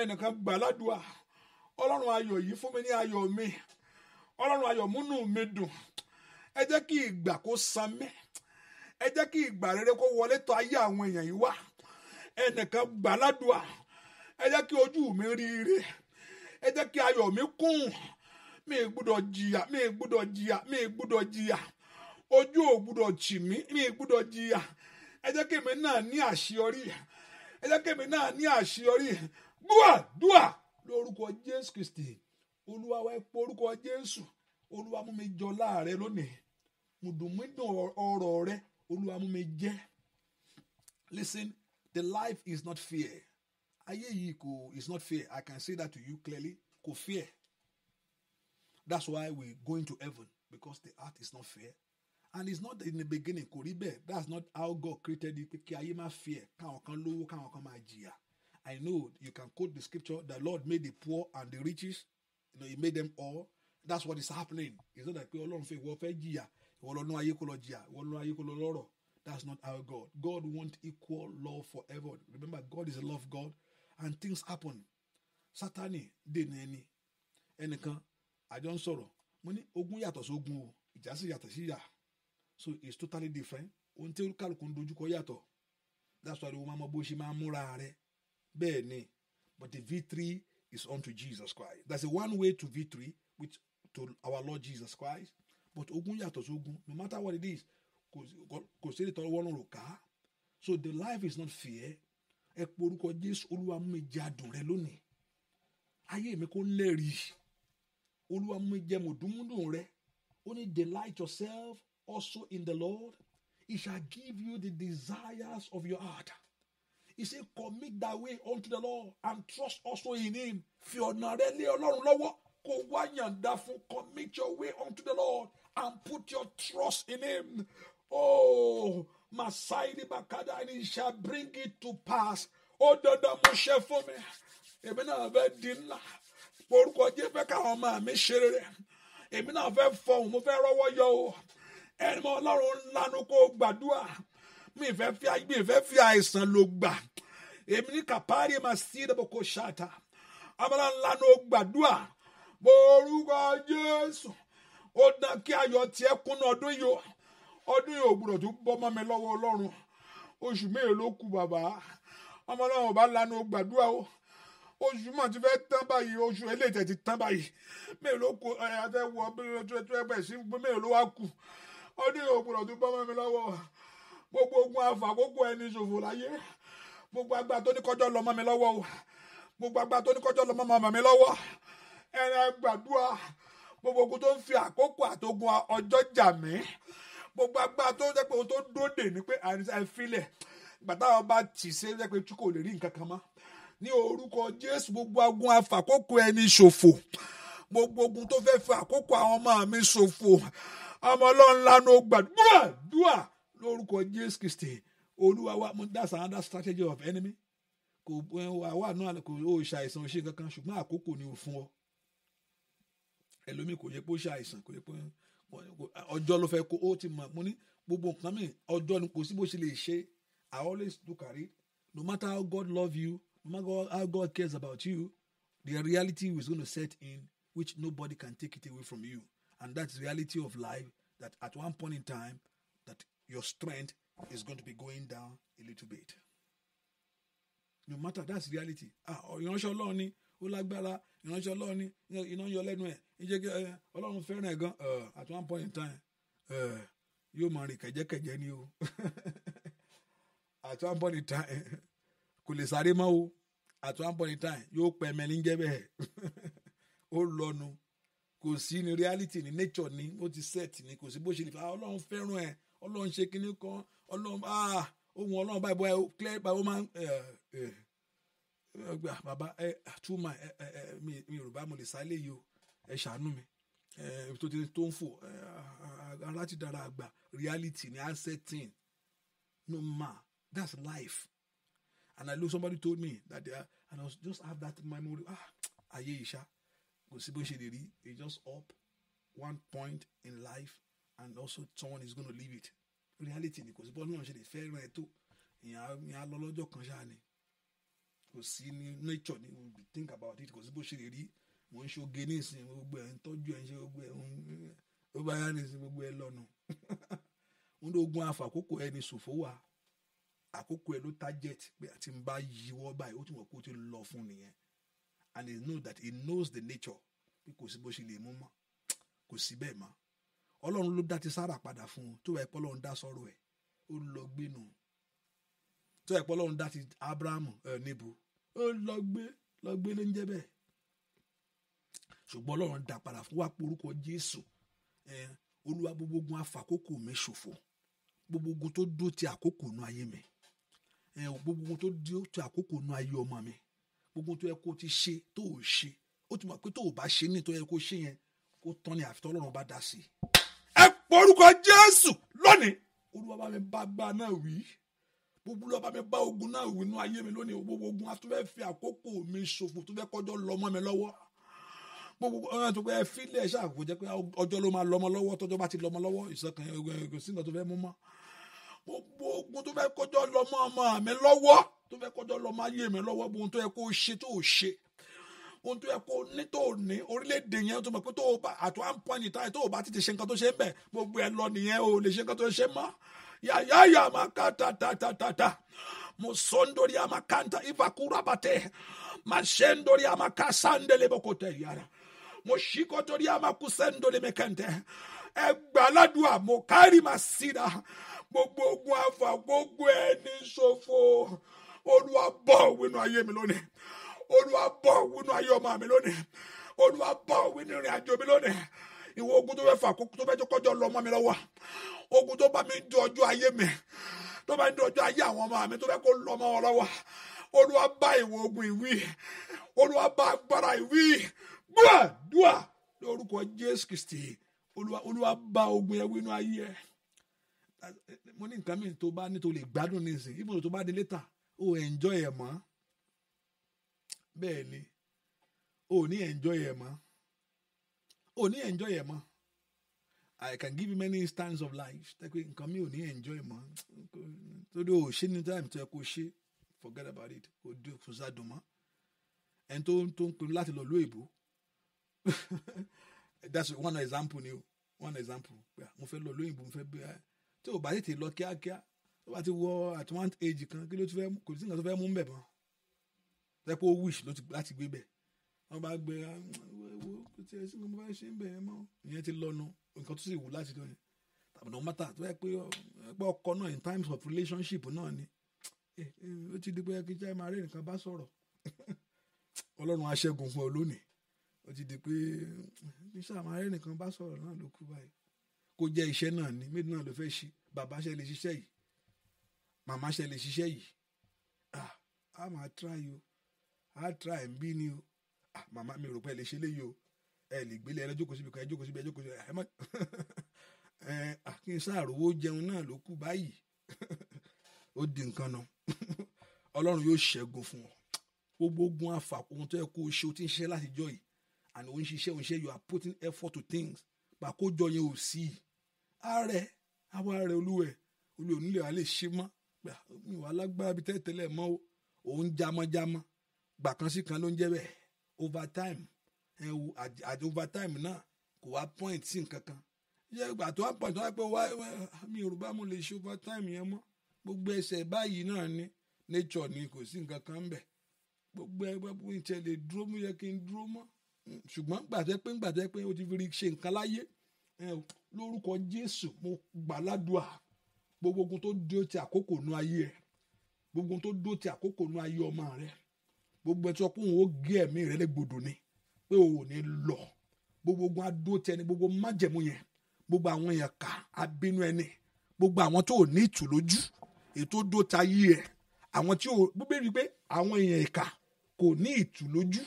ẹnìkan gbàládùá ọlọ́run ayọ̀ yìí fún mi ní ayọ̀ mi ọlọ́run ayọ̀ múnú mi dùn ẹ jẹ́ kí ìgbà kó san mí ẹ jẹ́ kí ìgbà rere kó wọlé tọ̀ ayé àwọn èèyàn yìí wá ẹnìkan gbàládùá ẹ jẹ́ kí ojú mi rí ire ẹ jẹ́ kí ayọ̀ mi kún mi gbúdọ̀ jìyà mi gbúdọ̀ jìyà mi gbúdọ̀ jìyà ojú ò gbúdọ̀ tì mí mi gbúdọ̀ jìyà ẹ jẹ́ kí èmi náà ní àṣeyọrí ẹ jẹ́ kí èmi náà ní àṣeyọrí dua. dúà lórúkọ jésù kristi olúwa wa epo orúkọ jésù olúwa mú mi jọ láàrẹ lónìí mùdùnmídùn ọ̀rọ̀ rẹ olúwa mú mi jẹ listen the life is not fair ayé yìí kò is not fair i can say that to you clearly kò fair that's why we going to heaven because the earth is not fair and it's not in the beginning kò rí bẹ́ẹ̀ that's not how God created it pé kí ayé má fair káwọn kan lówó káwọn kan máa jìyà I know you can quote the scripture. The Lord made the poor and the riches. You know, He made them all. That's what is happening. It's not that pé Ọlọ́run fẹ́ ìwọ fẹ́ jìyà, ìwọ lọ́nà ayé kó lọ jìyà, ìwọ lọ́nà That's not our God. God wants equal love forever. Remember, God is a love God and things happen. Satani dènà ẹni. Ẹnìkan, àjọ ń sọ̀rọ̀. Mo ní ogun yato sí ogun o, ìjà sì yàtọ̀ So it's totally different. Ohun tí kálukú ń dojúkọ That's why o máa mọ bó ṣe máa múra bẹ́ẹ̀ ni but the victory is unto Jesus Christ that's the one way to victory which to our Lord Jesus Christ but ogun yàtọ̀ sógun no matter what it is kò sí ìtọ́wọ́ Ọlọ́run ká so the life is not fair. ẹ pe orúkọ Jésù Olúwa mú mi jẹ adùn rẹ lónìí ayé mi kò lẹ́rìí Olúwa mú mi jẹ mọ̀dúnmúdùn rẹ ó ní delight yourself also in the Lord he shall give you the desires of your heart He said, Commit thy way unto the Lord and trust also in him. Fi ọ̀nà rẹ lé Ọlọ́run lọ́wọ́ commit your way unto the Lord and put your trust in him. Oh, Masai Bakada and he shall bring it to pass. Oh, the mo ṣe fún mi. Èmi náà fẹ́ di ńlá. Orúkọ Jésù fẹ́ káwọn ọmọ mi ṣe rere. Èmi náà fẹ́ fọhùn, mo fẹ́ rọ́wọ́ yọ o. Ẹni mọ́ Ọlọ́run lanu kó gbàdúrà mi ìfẹ́ fi àìsàn ló gbà èmi ní kàpárí ma sí ìdàbòkò ṣáàtà abala ńlá ló gbàdúrà borúkọ jésù ó dán kí ayọ̀ tiẹ̀ kúnná ọdún yìí ọdún yìí ò gbúdọ̀ tó bọ́ mọ́ mi lọ́wọ́ ọlọ́run oṣù mélòó ló kù bàbá ọmọ ọlọ́run ọba ńlá ló gbàdúrà o oṣù mọ̀ ti fẹ́ tán báyìí oṣù eléyìí ti tán báyìí mélòó kù ẹ̀ afẹ́ wọ bí ló tó ọdún yìí ò gbúdọ̀ tó bọ́ mọ́ mi lọ́wọ́ ọ̀hún gbogbo ogun àfàkókò ẹni ṣòfò láyé gbogbo agbára tó ní kọjọ́ lọ́mọ mi lọ́wọ́ o gbogbo agbára tó ní kọjọ́ lọ́mọ màmá mi lọ́wọ́ ẹ̀rẹ̀ gbàdúrà gbogbo ogun tó ń fi àkókò àtogun ọjọ́ jà mí gbogbo agbára tó ń jẹ́ pé ohun tó dóde ni pé àìsàn ẹ̀ filẹ̀ gbàtà ọba tì sí ẹ̀ pé tí kò lè rí nǹkan kan mọ́ ní orúkọ Jésù gbogbo agun àfàkókò ẹni ṣòfò gbogbo ogun tó fẹ́ fi àkókò àwọn ọmọ mi ṣòfò ọmọ ọlọ́run lánàá gbàdúrà dúà lórúkọ Jésù Kristi olúwa wa mo that's another strategy of enemy kò wà náà kò ó ṣàìsàn ó ṣe kankan ṣùgbọ́n àkókò ni ò fún ọ ẹlòmíì kò yẹ pé ó ṣàìsàn kò yẹ pé ọjọ́ ló fẹ́ kó ó ti mọ̀ mo ní gbogbo nǹkan mi ọjọ́ ni kò sí bó ṣe lè ṣe I always look at it no matter how God love you no matter how God cares about you the reality is gonna set in which nobody can take it away from you and that's reality of life that at one point in time your strength is going to be going down a little bit. No matter that's reality. Ah, oh, ìránṣẹ́ Ọlọ́run ni ó lágbára ìránṣẹ́ Ọlọ́run ni iná yọ lẹ́nu ẹ̀ ìjẹ́ kí Ọlọ́run fẹ́ràn ẹ̀ gan at one point in time yóò máa rìn kẹ̀jẹ́kẹ̀jẹ́ ni o at one point in time kò lè sáré mọ́ o at one point in time yóò pẹ́ mẹ́ni ń jẹ́ bẹ́ẹ̀ ó lọ́nu kò sí ní reality ní nature ní ó ti set ní kò sí bó ṣe lè fa Ọlọ́run fẹ́ràn ẹ̀ ọlọ́run ṣe kinní kan ọlọ́run ah ohun ọlọ́run báyìí bóyá clear by woman. máa ń eh, eh, eh, gbà bàbá ẹ túmọ̀ ẹ ẹ mi yorùbá mo lè sálé yìí o ẹ ṣàánú mi tó ti tó ń fò ara ti dára àgbà reality ni accepting no ma that's life and i know somebody told me that they are, and i was just have that memory ah ayé ìṣá kò sí bó ṣe lè rí it's just up one point in life and also someone is gonna leave it reality ni kò sí bọ́ọ̀lù náà ṣe lè fẹ́ ràn ẹ́ tó ìyẹn á lọ lọ́jọ́ kan ṣáà ni kò sí ní nature ni we think about it kò sí bó ṣe lè rí mo ń ṣoge ní ìsìn gbogbo ẹ̀ ń tọ́jú ẹ̀ ń ṣe gbogbo ẹ̀ ń ó bá yá ní ìsìn gbogbo ẹ̀ lọ́nu ń dogun afọ àkókò ẹni ṣòfò wà àkókò ẹ ló target pé àti ń bá yíwọ́ báyìí ó tún wọ̀ pé ó ti lọ fún nìyẹn and he knows that he knows the nature pé kò sí bó ṣe lè mú mọ́ kò sí bẹ́ẹ̀ mọ́ ọlọ́run ló dá ti sára padà fún un tó wà ẹ̀pọ̀ ọlọ́run dá sọ̀rọ̀ ẹ̀ ó lọ gbé nù tó wà ẹ̀pọ̀ ọlọ́run dá ti abrahamu ẹ̀ níbo ó lọ gbé lọ gbé ló ń jẹ́ bẹ́ẹ̀ ṣùgbọ́n ọlọ́run dá padà fún wa porúkọ jésù ẹ̀ olúwa gbogbo ogun afàkókò mi ṣòfò gbogbo ogun tó dó ti àkókò nu ayé mi ẹ̀ gbogbo ogun tó dó ti àkókò nu ayé ọmọ mi gbogbo tó yẹ kó ti ṣe tó ò ṣe ó ti mọ̀ pé tó ò bá ṣe ní tó yẹ kó ṣe yẹn kó tán ni àfitọ́ ọlọ́run bá dá sí i orúkọ jésù lónìí olúwa bá mi bá gbà náà wí gbogbo lọ́ba mi bá ogun náà wí inú ayé mi lónìí gbogbo ogun atúbẹ̀ fi àkókò mi ṣòfò tó fẹ́ kọjọ́ lọ́mọ mi lọ́wọ́ gbogbo ọ̀ràn tó pé ẹ fílẹ̀ ṣàkóso jẹ́ pé ọjọ́ ló máa lọ́mọ lọ́wọ́ tọ́jọ́ bá ti lọ́mọ lọ́wọ́ ìṣọ̀kan kò sí tó fẹ́ mú mọ́ gbogbo ogun tó fẹ́ kọjọ́ lọ́mọ ọmọ mi lọ́wọ́ tó fẹ́ kọjọ́ lọ́mọ ayé mi lọ́wọ́ gbogbo tó yẹ kó ṣe tó ṣe ohun tó yẹ kó ní tó ní orílẹ̀-èdè yẹn tó mọ̀ pé tó o bá at one point in time tó o bá ti ti ṣe nǹkan tó ṣe ń bẹ̀ gbogbo ẹ̀ lọ nìyẹn o lè ṣe nǹkan tó ṣe mọ́ yàyàyà máa ká ta ta ta ta ta mo sọ ń dórí àmà káńtà ìfàkúrà bàtẹ́ màá ṣe ń dórí àmà ká sáńdẹ̀lẹ̀ bọ́ kò tẹ̀ yàrá mo ṣí kọ́ dórí àmà kú sẹ́ńdọ̀lẹ̀ mẹ́kẹ́ntẹ́ ẹgbẹ́ aládùá mo kárì máa síra gbogbo ogun àfà gbogbo ẹni ṣòfò olúwa wínú ayé mi lónìí olúwa bọ́ wínú ayé ọmọ mi lónìí olúwa bọ́ wínú ìrìn àjò mi lónìí ìwọ ogun tó fẹ́ fà kó tó fẹ́ kọjọ lọ ọmọ mi lọ́wọ́ ogun tó bá mi dùn ọjọ́ ayé mi tó bá mi dùn ọjọ́ ayé àwọn ọmọ mi tó fẹ́ kó lọ ọmọ wọn lọ́wọ́ olúwa bá ìwọ ogun ìwí olúwa bá agbára ìwí dùà dùà lórúkọ jésù kristi olúwa olúwa bá ogun ẹwé inú ayé ẹ mo ní nǹkan mìíràn tó bá ní tó lè gbádùn nísìnyí ibùdó tó bá dé létà ó enjoy ẹ mọ́ bẹ́ẹ̀ ni o ní enjoy ẹ̀ mọ́ o ní enjoy ẹ̀ mọ́ I can give you many instances of life tẹ́pẹ́ nǹkan mi ò ní enjoy mọ́ torí o ṣe ní time tó yẹ kó ṣe forget about it o dé kò sádùn mọ́ ẹni tó tó ń pinnu láti lọ lóyìnbó that's one example ni o one example ah, mo fẹ́ lọ lóyìnbó mo fẹ́ bẹ́ẹ̀ ah. tí o bá tètè lọ kíákíá tó bá ti wọ at one age kan kí ló ti fẹ́ kò sí nǹkan tó fẹ́ mú ń mọ́ tẹ́ pé ó wish láti gbé bẹ̀ wọ́n bá gbé ah, wo kò tiẹ̀ sí nǹkan bá ṣe ń bẹ̀ ẹ́ mọ́ ìyẹn ti lọ́nu nǹkan tó sì wù láti dán yẹn tàbí no matter tó yẹ pé pé ọkọ náà in times of relationship náà ni ó ti di pé kí jẹ́ máa rí nǹkan bá sọ̀rọ̀ ọlọ́run aṣẹ́gun fún ọ lónìí ó ti di pé kí sáà máa rí nǹkan bá sọ̀rọ̀ náà ló kú báyìí kó jẹ́ iṣẹ́ náà ni méjì náà ló fẹ́ ṣe bàbá ṣe lè ṣiṣẹ́ yìí màmá ṣe lè ṣiṣẹ́ yìí ah a máa try o á try and bí ni o màmá mi rò pé ẹ lè ṣe léyìí o ẹ lè gbélé ẹ lọ́jọ́ kò síbi kan ẹ jókòó síbi ẹ jókòó síbi ẹ má ẹ àkínsá àròwó jẹun náà ló kù báyìí ó di nǹkan náà ọlọ́run yóò ṣẹ́gun fún ọ gbogbo ogun afa ohun tó yẹ kó o ṣe o ti ń ṣiṣẹ́ láti jọ yìí and òun ṣiṣẹ́ òun ṣe you are putting effort to things pàkójọ yẹn ò sí i ààrẹ àwa ààrẹ olúwẹ̀ olùyọ̀nù lè wà lè ṣe mọ́ mi wà lágbára bíi tẹ́tẹ́lẹ̀ mọ́ o òun jámọ́jámọ́ gbàkan sí kan ló ń jẹ́ bẹ́ẹ̀ overtime ẹ wo àti overtime náà kò wá point sí nǹkan kan ṣé ìgbà tó wá point tó wá pé wá mi ò rò bá mo lè ṣe overtime yẹn mọ́ gbogbo ẹsẹ̀ báyìí náà ni nature ni kò sí nǹkan kan bẹ̀ gbogbo ẹgbẹ́ bó ń tẹ̀lé dúró mú yẹ kí n dúró mọ́ ṣùgbọ́n gbàtẹ́ pé gbàtẹ́ pé o ti fi ṣe nǹkan láyé lórúkọ Jésù mo gbàládùá gbogbo ogun tó dúró ti àkókò nu ayé rẹ gbogbo ogun tó dúró ti àkókò nu ayé ọmọ rẹ gbogbo ẹ tí wọ́n kóhun ó gé ẹ̀mí rẹ légbodò ni pé o ò ní lọ gbogbo ogun adó tẹni gbogbo májẹ̀mú yẹn gbogbo àwọn èèyàn kà abínú ẹni gbogbo àwọn tó ní ìtù lójú ètò dó ta yí ẹ àwọn tí ò gbogbo rí i pé àwọn èèyàn ìkà kò ní ìtù lójú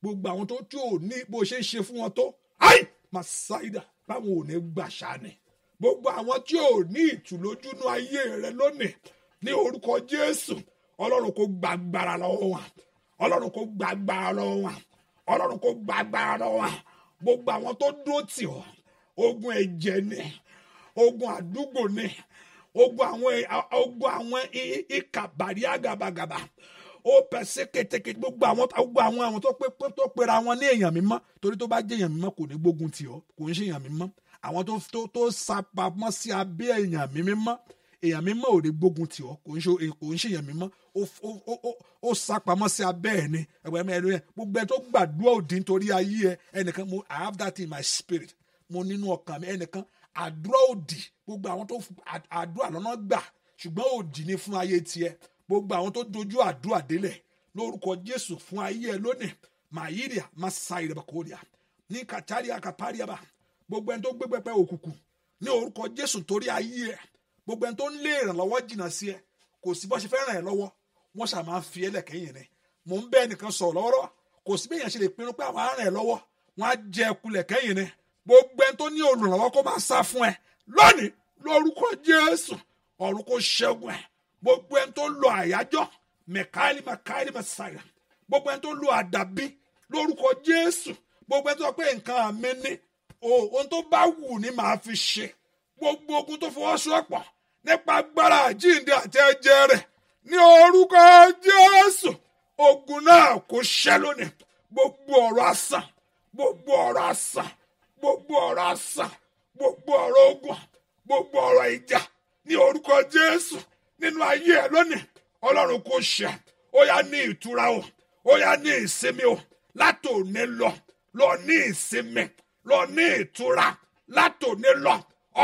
gbogbo àwọn tó tí ò ní bó ṣe ṣe fún wọn tó ai masaida báwọn ò ní gbà ṣáni gbogbo àwọn tí ò ní ìtù lójú nú ayé rẹ lónìí ní orúkọ Jésù Ọlọ́run kò gbàgbára lọ́wọ́ wọn ọlọ́run kò gba agbára lọ́wọ́ wọn ọlọ́run kò gba agbára lọ́wọ́ wọn gbogbo àwọn tó dúró tì ọ́ ogun ẹ̀jẹ̀ ni ogun àdúgbò ni ogun àwọn ogun àwọn ìkà bàrí àgàbàgàbà ó pèsè kétéké gbogbo àwọn gbogbo àwọn àwọn tó pé tó pera wọn ní èèyàn mímọ́ torí tó bá jẹ́ èèyàn mímọ́ kò ní gbógun tì ọ́ kò ń ṣe èèyàn mímọ́ àwọn tó tó tó sí abẹ́ èèyàn mímọ́ èèyàn mímọ́ ò lè gbógun tì ọ́ kò ń ṣe kò ń ṣe èèyàn mímọ́ ó sá pamọ́ sí abẹ́ ẹ̀ ni ẹ̀wọ̀n ẹ̀mí ẹ̀rọ yẹn gbogbo ẹ̀ tó gbàdúrà òdì nítorí ayé ẹ ẹnìkan mo I have that in my spirit mo nínú ọkàn mi ẹnìkan àdúrà òdì gbogbo àwọn tó àdúrà lọ́nà gbà ṣùgbọ́n òdì ni fún ayé tiẹ̀ gbogbo àwọn tó dojú àdúrà délẹ̀ lórúkọ Jésù fún ayé ẹ lónìí màyíríà má sa ìrẹ̀bàkóríà ní gbogbo ẹni tó ń lé ìrànlọ́wọ́ jìnnà sí ẹ kò sí bó ṣe fẹ́ ràn ẹ́ lọ́wọ́ wọ́n ṣà máa ń fi ẹlẹ́kẹ́ yẹn ni mò ń bẹ́ ẹnìkan sọ̀rọ̀ lọ́wọ́rọ́ kò sí bí èèyàn ṣe lè pinnu pé àwọn á ràn ẹ́ lọ́wọ́ wọ́n á jẹ kulẹ̀ kẹ́yìn ni gbogbo ẹni tó ní olùrànlọ́wọ́ kó máa sá fún ẹ lónìí lórúkọ Jésù ọ̀run kó ṣẹ́gun ẹ gbogbo ẹni tó lo àyájọ́ mẹ̀káìlì mẹ̀káìlì mẹ̀sáyà gbogbo ẹni tó lo àdàbí lórúkọ Jésù gbogbo ẹni tó sọ pé nǹkan mi ni ohun tó bá wù ni màá fi ṣe gbogbo ogun tó fọwọ́sowọ́pọ̀ nípa agbára àjíǹde àti ẹ̀jẹ̀ rẹ̀ ní orúkọ Jésù ogun náà kò ṣẹ lónìí gbogbo ọ̀rọ̀ asán gbogbo ọ̀rọ̀ asán gbogbo ọ̀rọ̀ asán gbogbo ọ̀rọ̀ ogun gbogbo ọ̀rọ̀ ìjà ní orúkọ Jésù nínú ayé ẹ lónìí Ọlọ́run kò ṣẹ ó yá ní ìtura o ó yá ní ìsinmi o látòní lọ lọ ní ìsinmi lọ ní ìtura látòní lọ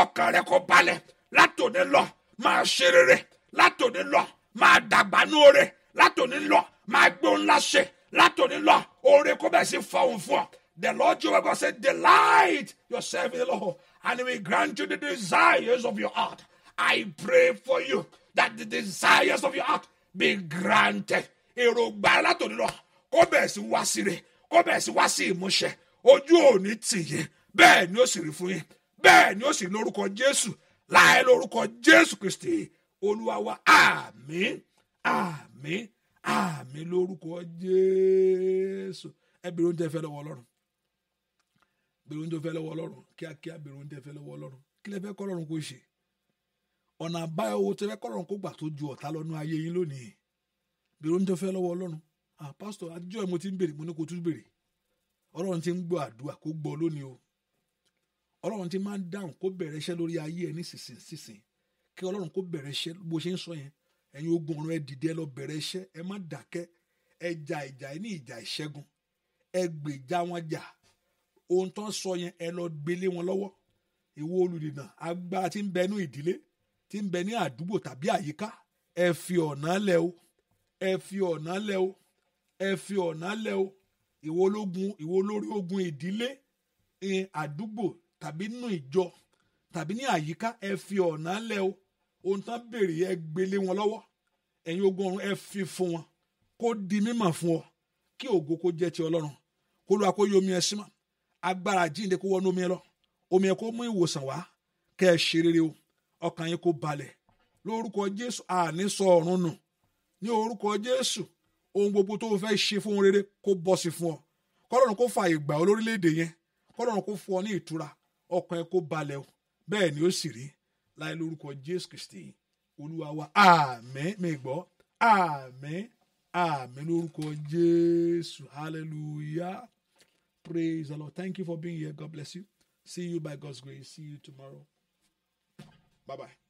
ọkàn rẹ kó balẹ̀ látòní lọ máa ṣe rere látòní lọ máa dàgbà ní oore látòní lọ máa gbé ohun ńlá ṣe látòní lọ oore kó bẹ̀ sí fọhùn fún ọ. The Lord Jehovah God said, Delight yourself in the Lord, and He will grant you the desires of your heart. I pray for you that the desires of your heart be granted. Èròǹgbà látòní lọ kó bẹ̀ sí wá sí re kó bẹ̀ sí wá sí ìmúṣẹ ojú òní tì yín bẹ́ẹ̀ ni ó sì rí fún yín bẹ́ẹ̀ ni ó sì lórúkọ Jésù láì lórúkọ jésù kristi olúwa wa àmín àmín àmín lórúkọ jésù ẹ bèrè oúnjẹ fẹ́ lọ́wọ́ ọlọ́run bèrè oúnjẹ fẹ́ lọ́wọ́ ọlọ́run kíákíá bèrè oúnjẹ fẹ́ lọ́wọ́ ọlọ́run kí lẹ fẹ́ kọ́ ọlọ́run kó ṣe ọ̀nà àbáyọ owó tẹ fẹ́ kọ́ ọlọ́run kó gbà tó ju ọ̀tá lọ́nu ayé yín lónìí bèrè oúnjẹ fẹ́ lọ́wọ́ ọlọ́run ah pásítọ̀ àtijọ́ mo ti ń bèrè mo ní kó tún bèrè ọlọ́run ti ń gbọ́ àdúrà kó gbọ́ lónìí o ọlọ́run ti máa ń dáhùn kó bẹ̀rẹ̀ iṣẹ́ lórí ayé ẹ ní sísìn sísìn kí ọlọ́run kó bẹ̀rẹ̀ iṣẹ́ bó ṣe ń sọ yẹn ẹ̀yin ogun ọ̀run ẹ dìde ẹ lọ bẹ̀rẹ̀ iṣẹ́ ẹ má dákẹ́ ẹ jà ìjà ẹ ní ìjà ìṣẹ́gun ẹ gbèjà wọn jà ohun tó ń sọ yẹn ẹ lọ gbélé wọn lọ́wọ́ ìwọ olùdìnà agbára tí ń bẹ ní ìdílé tí ń bẹ ní àdúgbò tàbí àyíká ẹ fi ọ̀nà lẹ̀ o ẹ fi ọ̀nà lẹ̀ o ẹ fi ọ̀nà lẹ̀ o ìwọ ológun ìwọ olórí ogun ìdílé àdúgbò tàbí nínú ìjọ tàbí ní àyíká ẹ fi ọ̀nà lẹ̀ o ohun tán béèrè ẹ gbélé wọn lọ́wọ́ ẹ̀yin ogun ọ̀run ẹ fi fún wọn kó di mímọ̀ fún ọ kí ògo kó jẹ́ ti ọlọ́run kó lóra kó yí omi ẹ sí mọ́ agbára jíǹde kó wọnú omi ẹ lọ omi ẹ kó mú ìwòsàn wá kẹ́ ẹ ṣe rere o ọkàn yín kó balẹ̀ lórúkọ jésù àní sọ ọ̀run nù ní orúkọ jésù ohun gbogbo tó fẹ́ ṣe fún rere kó bọ́ sí fún ọ kọ́lọ́run kó fààyè gbà ọ yẹn kọ́lọ́run kó fún ọ ní ìtura ọkàn ẹ kó balẹ̀ o bẹ́ẹ̀ ni ó sì rí láì lórúkọ Jésù Kristi olúwa wa àmín mi gbọ́ lórúkọ Jésù hallelujah praise the Lord thank you for being here God bless you see you by God's grace see you tomorrow bye bye.